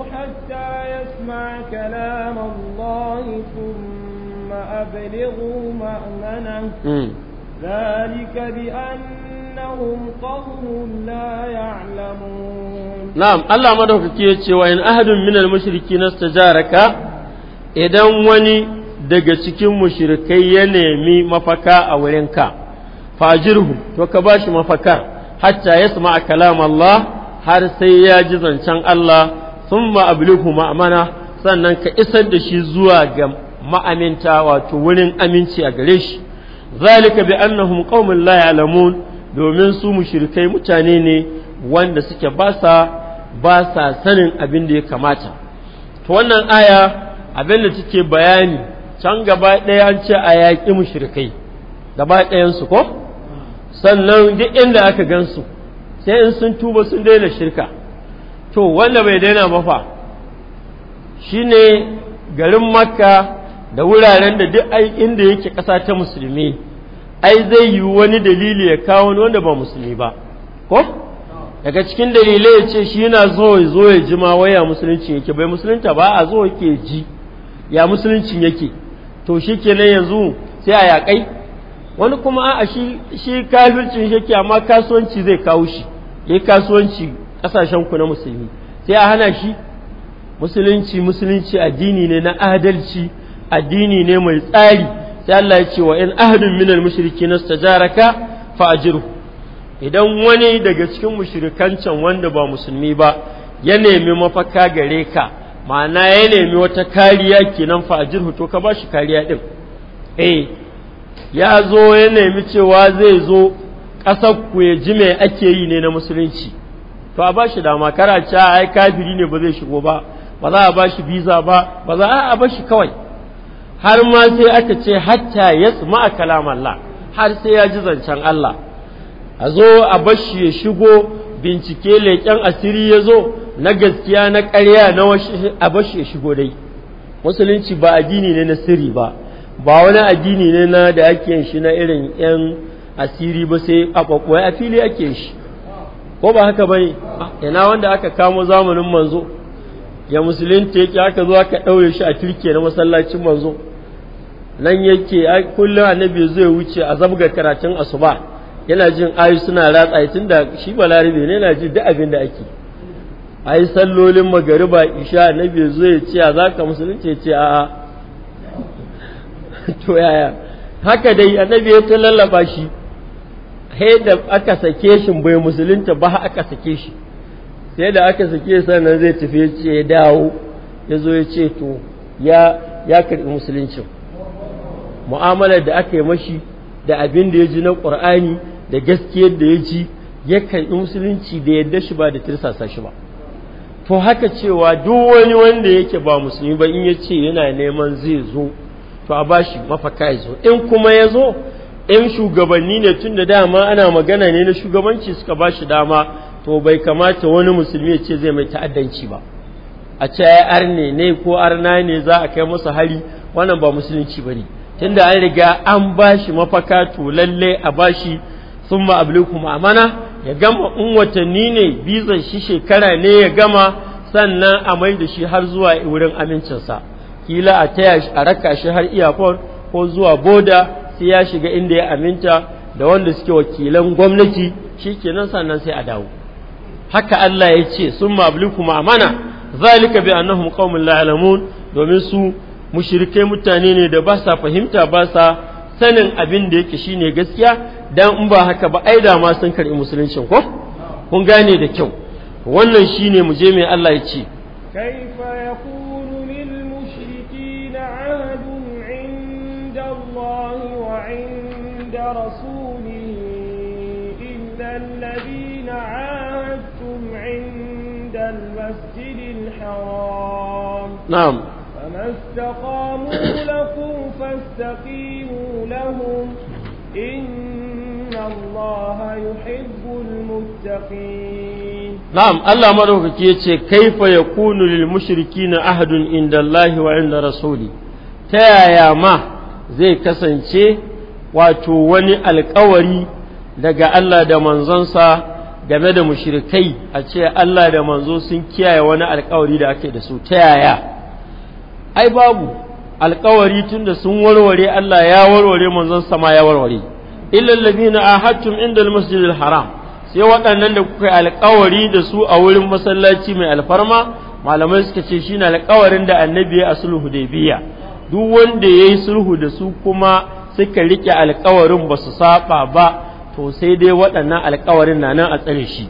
hatta yasma' kalam Allah thumma ablighu ma'nana ذلك بأنهم قوم لا يعلمون نعم الله كي وإن أحد من المشركين استجارك idan wani daga cikin mushirkai ya nemi mafaka a wurinka fajirhu to ka bashi mafakar hatta ya sama kalam Allah har sai ya ji zancen Allah sun ma'ablihu ma'amana sannan ka isar da shi zuwa ga ma'aminta wato wurin aminci a gare shi zalika bi annahum qaumun la ya'lamun domin su mushrikai mutane ne wanda suke ba sa ba sa sanin abin da ya kamata to wannan aya abin da take bayani can gaba ɗaya an ce a yaƙi mushrikai gaba ɗayansu ko sannan duk inda aka gansu sai in sun tuba sun daina shirka to wanda bai daina ba fa shine garin makka da wuraren da duk ai inda yake ƙasa ta musulmi ai zai yi wani dalili ya kawo wani wanda ba musulmi ba ko daga cikin dalilai ya ce shi na zo ya zo ya ji ma waya musulunci yake bai musulunta ba a zo ke ji ya musuluncin yake to shi kenan yanzu sai a yaƙai wani kuma a shi kafircin shi yake amma kasuwanci zai kawo shi ya kasuwanci ƙasashen ku na musulmi sai a hana shi musulunci musulunci addini ne na adalci addini ne mai tsari sai Allah ya ce wa in ahadun minal mushriki nastajaraka fa ajiru idan wani daga cikin mushrikan can wanda ba musulmi ba ya nemi mafaka gare ka ma'ana ya nemi wata kariya kenan fa ajirhu to ka bashi kariya ɗin eh ya zo ya nemi cewa zai zo ƙasar ku ya ji mai ake yi ne na musulunci to a bashi dama kara a ai kafiri ne ba zai shigo ba ba za a ba shi biza ba ba za a ba shi kawai har ma sai aka ce hatta ya tsuma a Allah har sai ya ji zancen Allah a zo a ba shi ya shigo bincike leƙen asiri ya zo na gaskiya na ƙarya na a bashi shigo dai musulunci ba addini ne na sirri ba ba wani addini ne na da ake yin shi na irin yan asiri ba sai a kwakwai a fili ake shi ko ba haka bane ina wanda aka kamo zamanin manzo ya musulunci yake aka zo aka ɗaure shi a turke na masallacin manzo nan yake kullum annabi zai wuce a zabga karatun asuba yana jin ayu suna ratsa tun da shi balarabe ne yana ji duk abin da ake ai sallolin magariba isha na biyu zai ce a za ka musulunci ce a to yaya haka dai annabi ya ta lallaba shi sai da aka sake shi bai musulunta ba aka sake shi sai da aka sake sannan zai tafi ya ce ya dawo ya zo ya ce to ya ya karɓi musuluncin mu'amalar da aka yi mashi da abin da ya ji na ƙur'ani da gaskiyar da ya ji ya karɓi musulunci da yadda shi ba da tirsasa shi ba to haka cewa duk wani wanda yake ba musulmi ba in ya ce yana neman zai zo to a bashi mafaka ya zo in kuma ya zo in shugabanni ne tun da dama ana magana ne na shugabanci suka bashi dama to bai kamata wani musulmi ya ce zai mai ta'addanci ba a ce ya arne ne ko arna ne za a kai masa hari wannan ba musulunci ba ne Tun da an riga an bashi mafaka to lallai a bashi sun ma'abli amana ya gama in watanni ne bizan shi shekara ne ya gama sannan a mai da shi har zuwa wurin amincinsa kila a taya a raka shi har iyakon ko zuwa boda sai ya shiga inda ya aminta da wanda suke wakilan gwamnati shi kenan sannan sai a dawo haka Allah ya ce sun mabli kuma amana zalika bi annahum qaumun la domin su mushrikai mutane ne da ba sa fahimta ba sa sanin abin da yake shine gaskiya dan in ba haka ba ai da ma sun karbi musuluncin ko kun gane da kyau wannan shine mu je mai Allah ya ce kaifa yakunu lil mushrikeena 'ahdun 'inda Allah wa 'inda rasulihi illa alladhina 'ahadtum 'inda al-masjidil haram na'am فما لكم فاستقيموا لهم إن الله يحب المتقين نعم الله مدوك يتي كيف يكون للمشركين أحد عند الله وعند رسوله تايا ما زي كسنشي wato wani alkawari daga Allah da manzonsa game da mushrikai a ce Allah da manzo sun kiyaye wani alkawari da ake da su ta yaya ai babu alkawari tun da sun warware Allah ya warware manzonsa ma ya warware illal ladina ahadtum inda masjidil haram sai waɗannan da kuka yi alƙawari da su a wurin masallaci mai alfarma malamai suka ce shine alƙawarin da annabi ya da hudaybiya duk wanda yayi sulhu da su kuma suka riƙe alƙawarin ba su saba ba to sai dai waɗannan alƙawarin na nan a tsare shi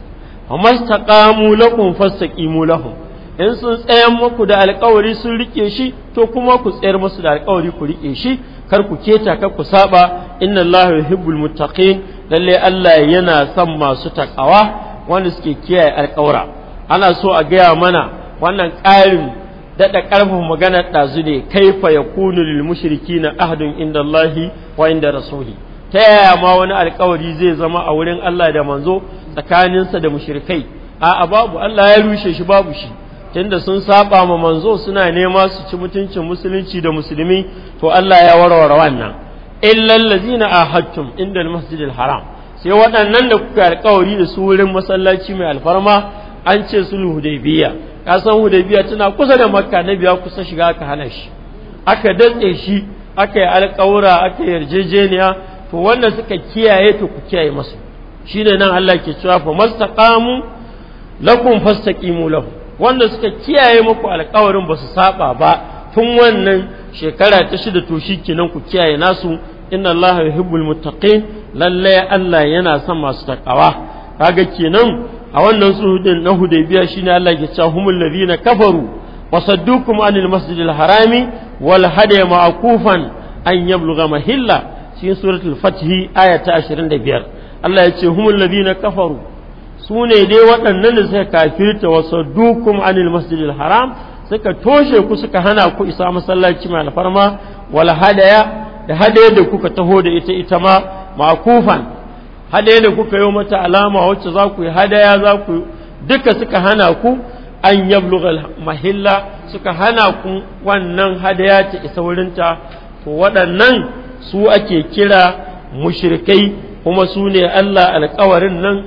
amma istaqamu lakum fastaqimu lahum in sun tsayan muku da alƙawari sun rike shi to kuma ku tsayar musu da alƙawari ku rike shi kar ku keta kar ku saba inna Allah yuhibbul muttaqin lalle Allah yana son masu takawa wanda suke kiyaye alƙawara ana so a gaya mana wannan ƙarin daɗa ƙarfin maganar ɗazu ne kaifa ya kunu lil mushrikina na ahadun inda Allahi wa inda rasuli ta yaya ma wani alƙawari zai zama a wurin Allah da manzo tsakaninsa da mushrikai a'a babu Allah ya rushe shi babu shi tunda sun saba ma manzo suna nema su ci mutuncin musulunci da musulmi to Allah ya warware wannan illal ladzina ahadtum inda almasjidil haram sai waɗannan da kuka alƙawari da su wurin masallaci mai alfarma an ce sulhu hudaybiya ka san hudaybiya tana kusa da makka na biya kusa shiga ka hana shi aka dantse shi aka yi alƙawura aka yarjejeniya to wanda suka kiyaye to ku kiyaye masu shine nan Allah ke cewa fa mastaqamu lakum fastaqimu lahu wanda suka kiyaye muku alkawarin ba su saba ba tun wannan shekara ta shida to kenan ku kiyaye nasu inna allah yuhibbul muttaqin lalle Allah yana son masu takawa kaga kenan a wannan suhudin na hudaybiya shine Allah ke cewa humul ladina kafaru wa anil masjidil harami wal hadiya ma'kufan an yablugha mahilla cikin suratul fath aya ta 25 Allah ya ce humul ladina kafaru su ne dai waɗannan da suka kafirta wasu dukum anil masjidil haram suka toshe ku suka hana ku isa masallaci mai alfarma wal hadaya da hadaya da kuka taho da ita ita ma makufan hadaya da kuka yi mata alama wacce za ku yi hadaya za ku duka suka hana ku an yabluga mahilla suka hana ku wannan hadaya ta isa wurinta to waɗannan su ake kira mushrikai kuma su ne Allah alƙawarin nan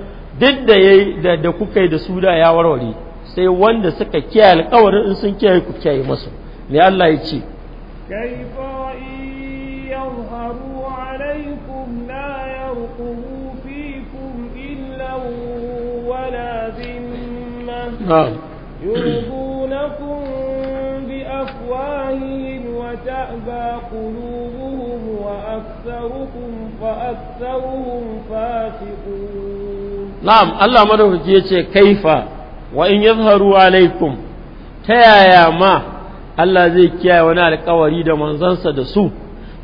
duk da ya da kuka yi da su da ya warware sai wanda suka kiyaye alƙawarin in sun kiyaye ku kiyaye masu me Allah ya ce kaifa yadhharu alaykum la yarqubu fikum illa wala dhimma yurdunakum bi afwahihim wa ta'ba qulubuhum wa aktharuhum fa aktharuhum fasiqun na'am Allah madaukaki yace kaifa wa in yazharu alaikum ta yaya ma Allah zai kiyaye wani alkawari da manzansa da su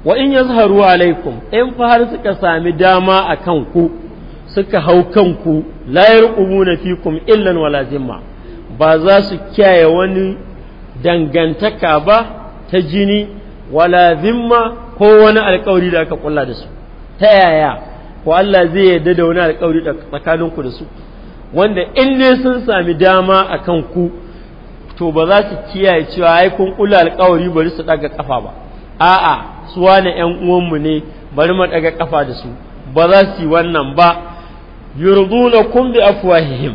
wa in yazharu alaikum in fa har suka sami dama a ku suka hau kan ku la yarqubuna fikum illan wala zimma ba za su kiyaye wani dangantaka ba ta jini wala zimma ko wani alkawari da aka kulla da su ta yaya ko Allah zai yarda da wani alƙawari tsakaninku da su wanda in ne sun sami dama a kan ku to ba za su kiyaye cewa ai kun kula alƙawari bari su ɗaga kafa ba a'a su wani ƴan uwanmu ne bari mu daga kafa da su ba za su yi wannan ba yurdunakum bi afwahihim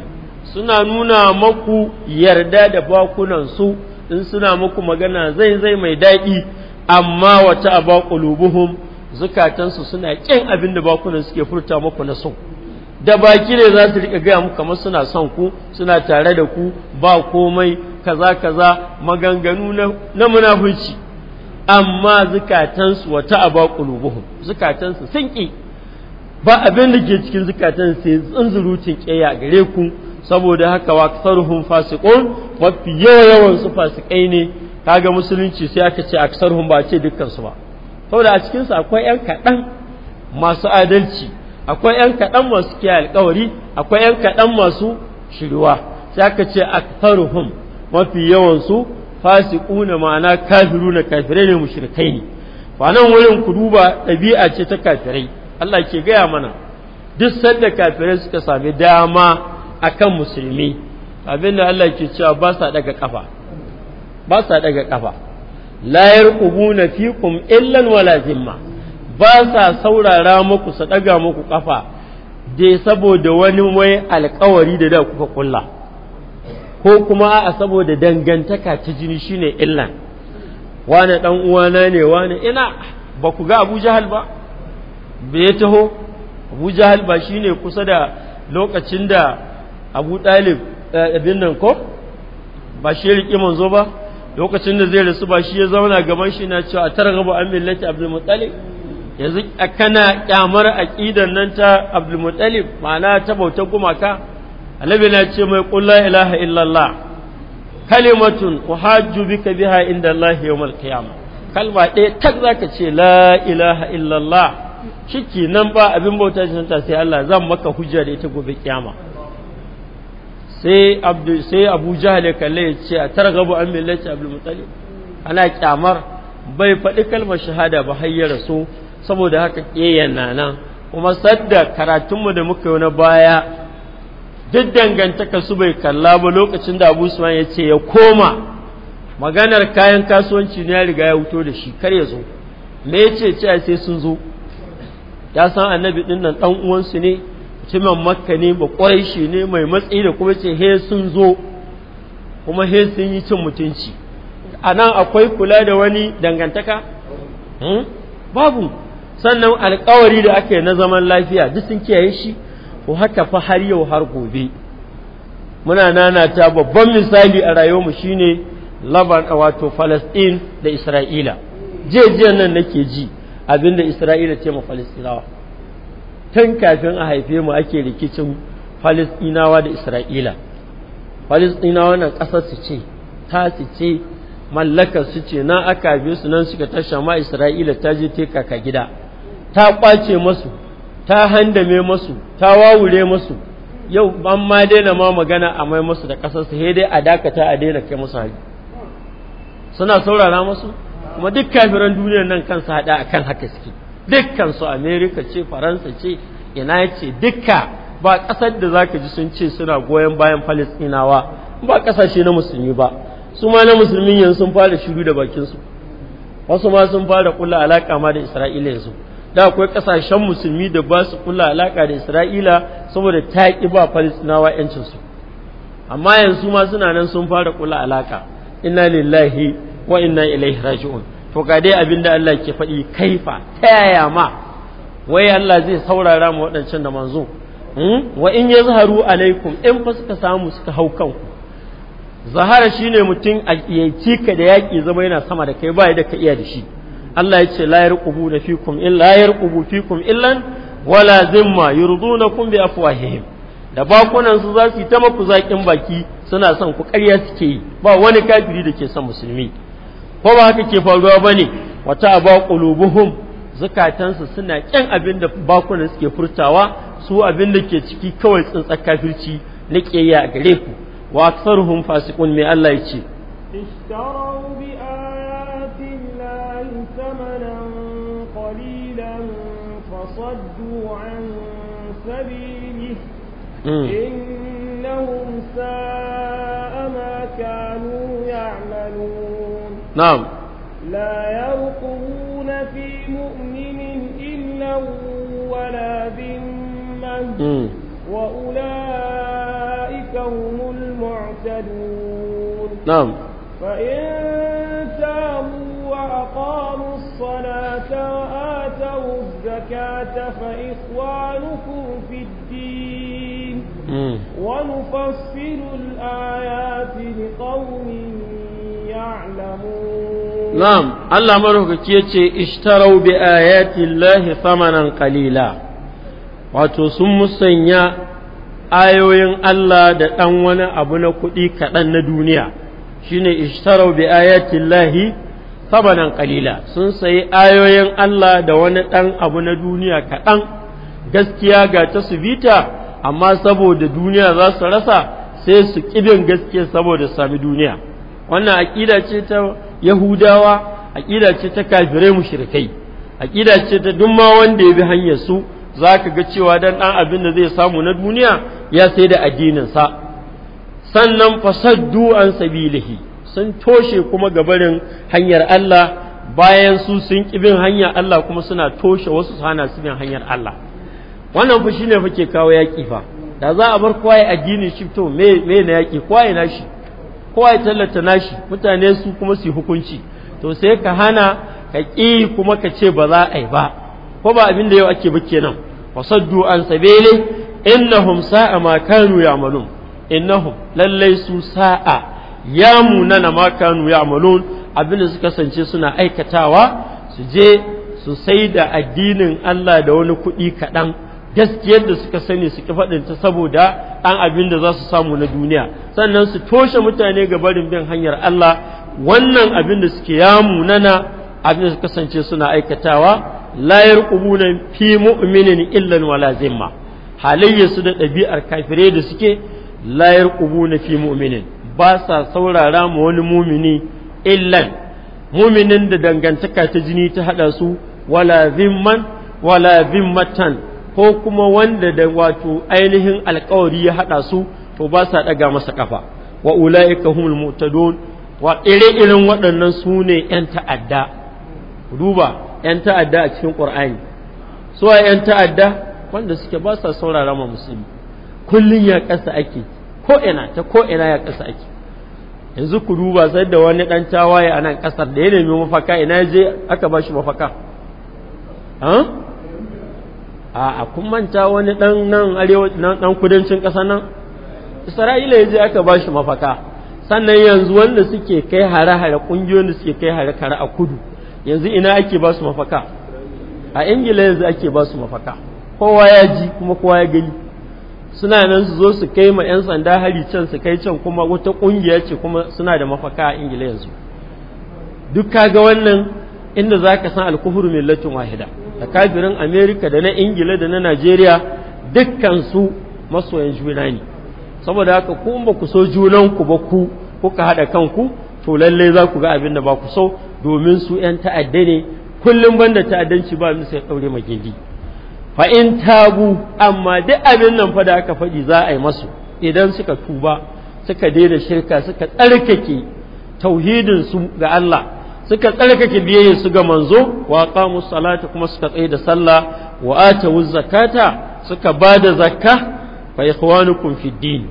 suna nuna maku yarda da bakunan su in suna muku magana zai zai mai daɗi amma wata aba qulubuhum zukatansu suna ƙin abin da bakunan suke furta muku na son da baki ne za su riƙa gaya muku kamar suna son ku suna tare da ku ba komai kaza kaza maganganu na munafunci amma zukatansu wata bakunu buhun zukatansu sun ƙi ba abin da ke cikin zukatansu sai tsunzurucin ƙeya gare ku saboda haka wa aksaruhum fasiqun mafi yawa yawan su fasikai ne kaga musulunci sai aka ce aksaruhum ba ce dukkan su ba saboda a cikinsu akwai 'yan kaɗan masu adalci akwai 'yan kaɗan masu kiyaye alkawari akwai 'yan kaɗan masu shirwa sai aka ce aktharuhum mafi yawansu na ma'ana kafiru na kafirai ne mushrikai ne fanan wurin ku duba ɗabi'a ce ta kafirai Allah ke gaya mana duk sanda kafirai suka sami dama akan musulmi abinda Allah ke cewa ba sa daga kafa ba sa daga kafa la yarqubuna fikum illan wala zimma ba sa saurara muku su daga muku kafa dai saboda wani wai alkawari da da kuka kulla ko kuma a saboda dangantaka ta jini shine illan wane dan uwana ne wane ina ba ku ga Abu Jahal ba bai taho Abu Jahal ba shine kusa da lokacin da Abu Talib eh, abin nan ko ba shi riƙi manzo ba lokacin da zai rasu ba shi ya zauna gaban shi na cewa a targhaba an millati abdul yanzu yanzu kana kyamar aqidan nan ta abdul ma'ana ta bauta gumaka annabi na ce mai qul la ilaha illallah kalimatun uhajju bika biha inda Allah yawmal qiyamah kalma ɗaya tak zaka ce la ilaha illallah shiki nan ba abin bauta shi ta sai Allah zan maka hujja da ita gobe kiyama sai sai abu jihar ya kalle ya ce a targabu an millati abdul ana kyamar bai faɗi kalmar shahada ba har ya rasu saboda haka ƙeyana nan kuma sadda karatunmu da muka yi na baya duk dangantaka su bai kalla ba lokacin da abu usman ya ce ya koma maganar kayan kasuwanci ne ya riga ya wuto da shi kar ya zo me ya ce ce sai sun zo ya san annabi ɗin nan ɗan uwansu ne mutumin makka ne ba shi ne mai matsayi da kuma ce he sun zo kuma he sun yi cin mutunci a nan akwai kula da wani dangantaka hmm? babu sannan alkawari da ake na zaman lafiya duk sun kiyaye shi ko haka fa har yau har gobe muna nana ta babban misali a rayuwarmu shine Laban wato Falasɗin da Isra'ila jiya nan nake ji abinda Isra'ila ce ma Falastinawa tun kafin a haife mu ake rikicin falisdinawa da isra'ila falisdinawa na ƙasar su ce ta su ce mallakar su ce na aka biyu su nan suka tasha ma isra'ila ta je teka ka gida ta ƙwace masu ta handame masu ta wawure masu yau ban ma daina ma magana a mai masu da ƙasar su dai a dakata a daina kai masu haji suna saurara masu kuma duk kafiran duniyar nan kansu haɗa akan haka suke dukkan su America ce Faransa ce ina ce dukka ba ƙasar da zaka ji sun ce suna goyon bayan Falastinawa ba kasashe na musulmi ba su ma na musulmi yanzu sun fara shiru da bakin su wasu ma sun fara kula alaka ma da Isra'ila yanzu da akwai ƙasashen musulmi da ba su kula alaka da Isra'ila saboda ta ki ba Palestinawa yancin su amma yanzu ma suna nan sun fara kula alaka inna lillahi wa inna ilaihi raji'un to ga dai abin da Allah ke faɗi kaifa ta yaya ma wai Allah zai saurara mu waɗancan da manzo hmm? wa in ya zaharu alaikum in fa suka samu suka hau kanku zahara shine mutum a yanki ka da yaƙi zama yana sama da kai ba da ka iya da shi Allah ya ce la yarqubu da fikum illa yarqubu fikum illan wala zimma yurdunakum bi afwahihim da bakunan su za su yi ta maku zaƙin baki suna son ku ƙarya suke yi ba wani kafiri da ke son musulmi ko ba haka ke faruwa ba ne wata ba ƙulubuhun zukatansu suna ƙyan abin da bakunan suke furtawa su abin da ke ciki kawai tsintsar kafirci na yi a gare ku wa hun fasikun mai Allah ya ce إنهم ساء ما كانوا يعملون نعم لا يرقبون في مؤمن إلا ولا ذمة وأولئك هم المعتدون نعم فإن تابوا وأقاموا الصلاة وآتوا الزكاة فإخوانكم في الدين ونفصل الآيات لقوم na'am Allah madaukaki yace ishtarau bi ayati llahi thamanan qalila wato sun musanya ayoyin Allah da dan wani abu na kuɗi kaɗan na duniya shine ishtarau bi ayati llahi thamanan qalila sun sayi ayoyin Allah da wani ɗan abu na duniya kaɗan gaskiya ga ta su bita amma saboda duniya za su rasa sai su kidin gaskiya saboda sami duniya wannan aƙida ce ta yahudawa aƙida ce ta kafirai mushrikai aƙida ce ta duk wanda ya bi hanyar su za ka ga cewa dan ɗan abin da zai samu na duniya ya sai da addininsa sannan fasaddu an sabilihi sun toshe kuma gabarin hanyar Allah bayan su sun bin hanyar Allah kuma suna toshe wasu hana su bin hanyar Allah wannan fa shine fa ke kawo yaƙi fa da za a bar kwaye addinin shi to me na yaƙi kwaye na shi kowa ya tallata nashi mutane su kuma su hukunci to sai ka hana ka ƙi kuma ka ce ba za a yi ba ko ba abin da yau ake ba kenan wasaddu an sabele innahum sa'a ma kanu ya'malun innahum lallai su sa'a ya munana ma kanu ya'malun abin da su kasance suna aikatawa su je su sai da addinin Allah da wani kuɗi kaɗan gaskiyar da suka sani su faɗin faɗinta saboda ɗan abin da za su samu na duniya sannan su toshe mutane ga barin bin hanyar Allah wannan abin da suke munana abin da su kasance suna aikatawa layar yarqubuna fi mu'minin illan wala zimma halayyarsu da ɗabi'ar kafire da suke layar yarqubuna fi mu'minin ba sa saurara ma wani mumini illan muminin da dangantaka ta jini ta haɗa su wala zimman wala zimmatan ko kuma wanda da wato ainihin alkawari ya haɗa su to ba sa ɗaga masa ƙafa wa ula'ika humul mu'tadun wa ire irin waɗannan su ne 'yan ta'adda duba 'yan ta'adda a cikin ƙur'ani su a 'yan ta'adda wanda suke ba sa saurara ma musulmi kullum ya ƙasa ake ko ina ta ko ina ya ƙasa ake yanzu ku duba sai da wani ɗan tawaye a nan ƙasar da ya nemi mafaka ina je aka ba shi mafaka a kun manta wani dan nan dan kudancin ƙasa nan isra'ila ya je aka ba shi mafaka sannan yanzu wanda suke kai hare-hare ƙungiyoyin da suke kai hare-hare a kudu yanzu ina ake ba su mafaka a ingila yanzu ake ba su mafaka kowa ya ji kuma kowa ya gani suna nan su zo su kai ma 'yan sanda hari can su kai can kuma wata ƙungiya ce kuma suna da mafaka a ingila yanzu duk kaga wannan inda za ka san alkuhuru millatun wahida da kafirin amerika da na ingila da na najeriya dukkansu masoyan juna ne saboda haka ku ba ku so junanku ba ku kuka haɗa kanku to lalle za ku ga abin da ba ku so domin su 'yan ta'adda ne kullum banda ta'addanci ba mu sai ɗaure magindi fa in tabu amma duk abin nan fa da aka faɗi za a yi masu idan suka tuba suka daina shirka suka tsarkake tauhidin su ga Allah suka tsarkake biyayya su ga manzo wa qamu salata kuma suka tsaye da sallah wa atu zakata suka bada zakka fa ikhwanukum fi din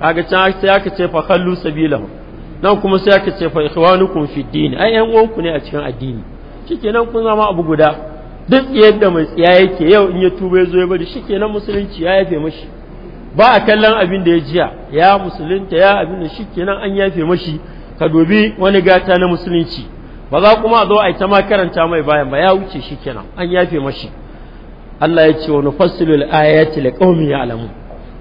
kaga can sai aka ce fa khallu sabilahu nan kuma sai aka ce fa ikhwanukum fi din ai yan ku ne a cikin addini shikenan kun zama abu guda duk yadda mai tsiya yake yau in ya tuba ya zo ya bari shikenan musulunci ya yafe mashi ba a kallon abin da ya jiya ya musulunta ya abin da shikenan an yafe mashi ka dubi wani gata na musulunci ba za kuma a zo a yi ta ma karanta mai bayan ba ya wuce shi kenan an yafe mashi Allah ya ce wa nufassilu ayati liqaumin ya'lamu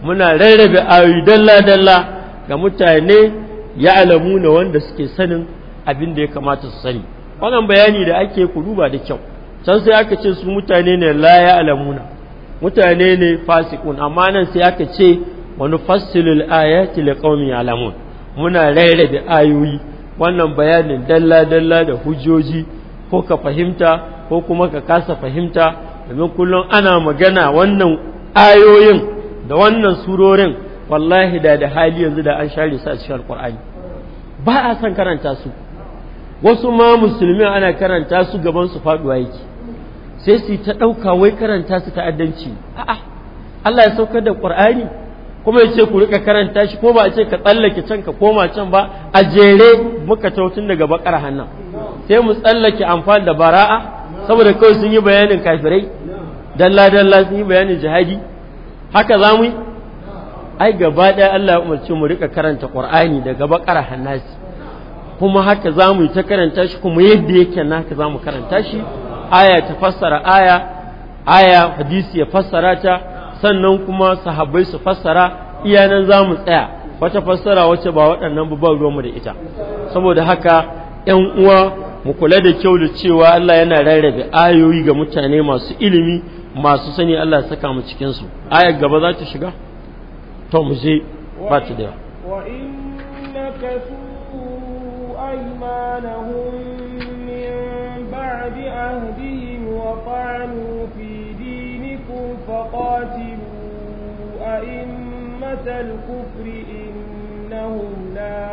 muna rarrabe ayoyi dalla dalla ga mutane ya'lamu na wanda suke sanin abin da ya kamata su sani wannan bayani da ake ku duba da kyau can sai aka ce su mutane ne la ya'lamuna mutane ne fasikun amma nan sai aka ce wa nufassilu ayati liqaumin ya'lamun muna rairabe ayoyi wannan bayanin dalla-dalla da hujjoji ko ka fahimta ko kuma ka kasa fahimta domin kullum ana magana wannan ayoyin da wannan surorin wallahi da da hali yanzu da an share su a cikin alkur'ani ba a son karanta su wasu ma musulmi ana karanta su gaban su faduwa yake sai su ta ɗauka wai karanta su ta'addanci a'a Allah ya saukar da ƙur'ani kuma ce ku rika karanta shi ko ba a ce ka tsallake can ka koma can ba a jere muka tautun daga bakar hannan sai mu tsallake amfani da bara'a saboda kawai sun yi bayanin kafirai dalla dalla sun yi bayanin jihadi haka za mu yi ai gaba ɗaya Allah ya umarci mu rika karanta Qur'ani daga bakar hannasi kuma haka za mu yi ta karanta shi kuma yadda yake naka za mu karanta shi aya ta fassara aya aya hadisi ya fassara ta sannan kuma sahabbai su fassara iyanan za mu tsaya wace fassara wace ba waɗannan ba ruwanmu da ita saboda haka ‘yan uwa mu kula da kyau da cewa Allah yana rarrabe ayoyi ga mutane masu ilimi masu sani Allah saka mu cikin su ayar gaba za ta shiga to mu je ba ta da wa من بعد وطعنوا في فقاتلوا أئمة na'am إنهم لا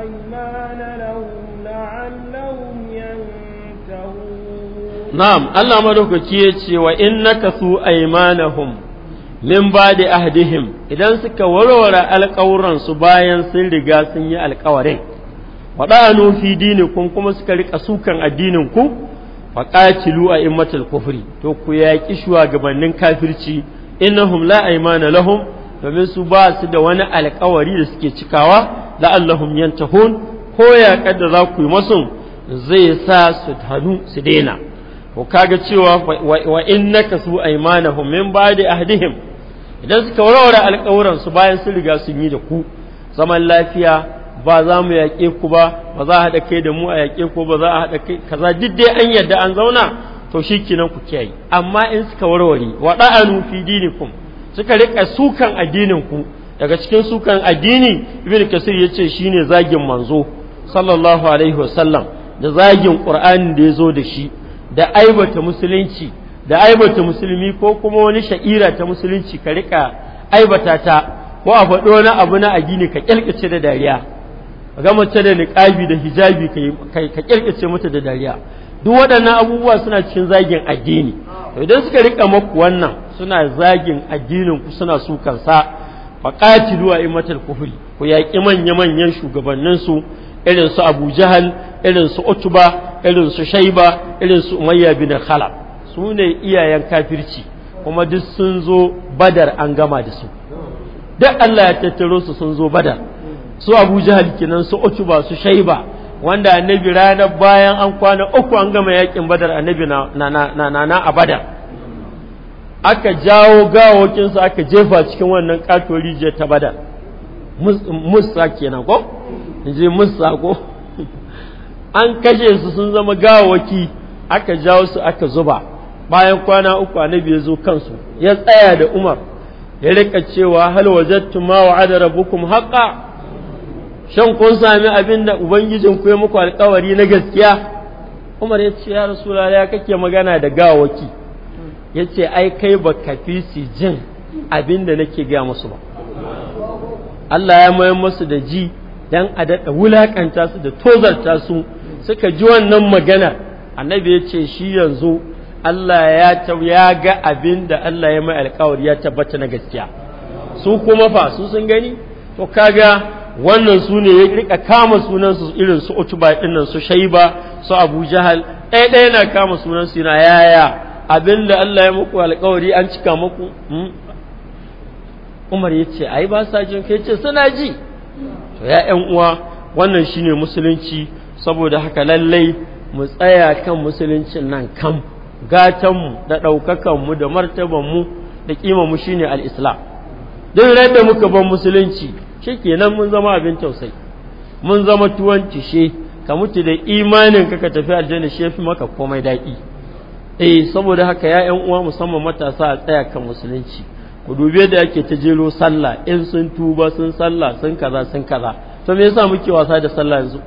أيمان لهم لعلهم ينتهون نعم الله ملوك كيتشي وإن نكثوا أيمانهم min ba da ahdihim idan suka warware alƙawuransu bayan sun riga sun yi alƙawarin waɗanu fi kuma suka riƙa sukan addininku faqatilu a immatul kufri to ku yaki shugabannin kafirci innahum la aymana lahum domin su ba su da wani alƙawari da suke cikawa allahum yantahun ko yaƙar da za ku yi masu zai sa su hannu su daina ko kaga cewa wa innaka su aymanahum min ba'di ahdihim idan suka warware alƙawuran su bayan sun riga sun yi da ku zaman lafiya ba za mu yaƙe ku ba ba za a haɗa kai da mu a yaƙe ku ba za a haɗa kai kaza duk dai an yadda an zauna to shi kinan ku kiyaye amma in suka warware waɗa a nufi dinikum suka riƙa sukan addinin ku daga cikin sukan addini ibn kasir yace shine zagin manzo sallallahu alaihi wasallam da zagin Ƙur'ani da ya zo da shi da aibata musulunci da aibata musulmi ko kuma wani sha'ira ta musulunci ka riƙa aibata ta ko a faɗi wani abu na addini ka kyalkace da dariya ga mace da niqabi da hijabi kai ka kirkice mata da dariya duk waɗannan abubuwa suna cikin zagin addini idan suka rika maku wannan suna zagin addinin ku suna su kansa faqatilu a imatul kufri ku yaƙi manya manyan shugabanninsu, irinsu irin su Abu Jahal irin su Utba irin su su Umayya bin Khalaf su ne iyayen kafirci kuma duk sun zo Badar an gama da su duk Allah ya tattaro su sun zo Badar su abu jahal kenan su ba su shaiba wanda annabi ranar bayan an kwana uku an gama yakin badar annabi na na na na a badar aka jawo gawokinsu aka jefa cikin wannan katori rijiyar ta badar musa kenan ko je musa ko an kashe su sun zama gawoki aka jawo su aka zuba bayan kwana uku annabi ya zo kansu ya tsaya da umar ya rika cewa hal wajadtum ma wa'ada rabbukum haqqan shan kun sami abin da ubangijin ku ya muku alkawari na gaskiya umar ya ce ya rasula ya kake magana da gawaki ya ce ai kai ba ka fi su jin abin da nake gaya musu ba Allah ya mayar musu da ji dan a daɗa wulaƙanta su da tozarta su suka ji wannan magana annabi ya ce shi yanzu Allah ya ga abin da Allah ya mai alkawari ya tabbata na gaskiya su kuma fa su sun gani to kaga wannan su ne ya rika kama sunansu irin su utuba dinnan su shaiba su abu jahal ɗaya ɗaya na kama sunansu yana yaya abinda Allah ya muku alkawari an cika muku hmm? Umar ya ce ai ba sa jin kai ce suna ji to ya ƴan uwa wannan shine musulunci saboda haka lallai mu tsaya kan musuluncin nan kam gatanmu da ɗaukakanmu da martabanmu da ƙimanmu shine al-islam duk da muka ban musulunci shekenan mun zama abin tausayi mun zama tuwon cishe ka mutu da imanin ka ka tafi aljanna shi fi maka komai daɗi eh saboda haka ya ƴan uwa musamman matasa a tsaya kan musulunci ku dube da yake ta jero sallah in sun tuba sun sallah sun kaza sun kaza to me yasa muke wasa da sallah yanzu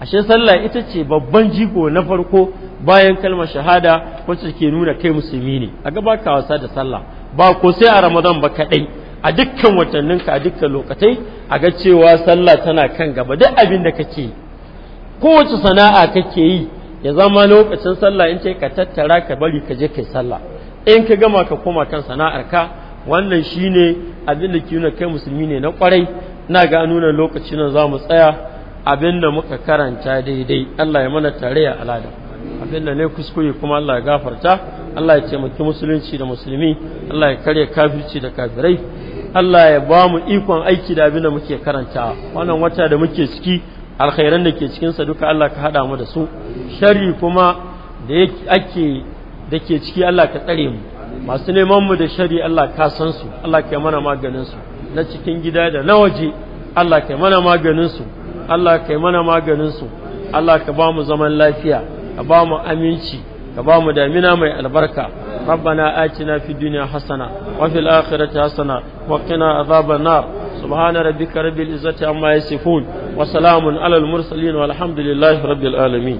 ashe sallah ita ce babban jigo na farko bayan kalmar shahada wacce ke nuna kai musulmi ne a gaba ka wasa da sallah ba ko sai a ramadan ba kaɗai a dukkan watanninka a dukkan lokatai a ga cewa sallah tana kan gaba duk abin da kake kowace sana'a kake yi ya zama lokacin sallah in ce ka tattara ka bari ka je kai sallah in ka gama ka koma kan sana'ar ka wannan shine abin da nuna kai musulmi ne na kwarai na ga nuna lokacin nan za mu tsaya abin da muka karanta daidai Allah ya mana tarayya al'ada abinda ne kuskure kuma Allah ya gafarta Allah ya taimaki musulunci da musulmi Allah ya kare kafirci da kafirai Allah ya ba mu ikon aiki da abinda muke karanta wannan wata da muke ciki alkhairan da ke cikin sa duka Allah ka hada mu da su sharri kuma da ake da ke ciki Allah ka tsare mu masu neman mu da shari Allah ka san su Allah ka mana maganin su na cikin gida da na waje Allah ka mana maganin su Allah ka mana maganin su Allah ka ba mu zaman lafiya ka ba mu aminci ka ba mu damina mai albarka rabbana atina fi dunya hasana wa fil akhirati hasana wa qina adhaban nar subhana rabbika rabbil izzati amma yasifun wa salamun alal mursalin walhamdulillahi rabbil alamin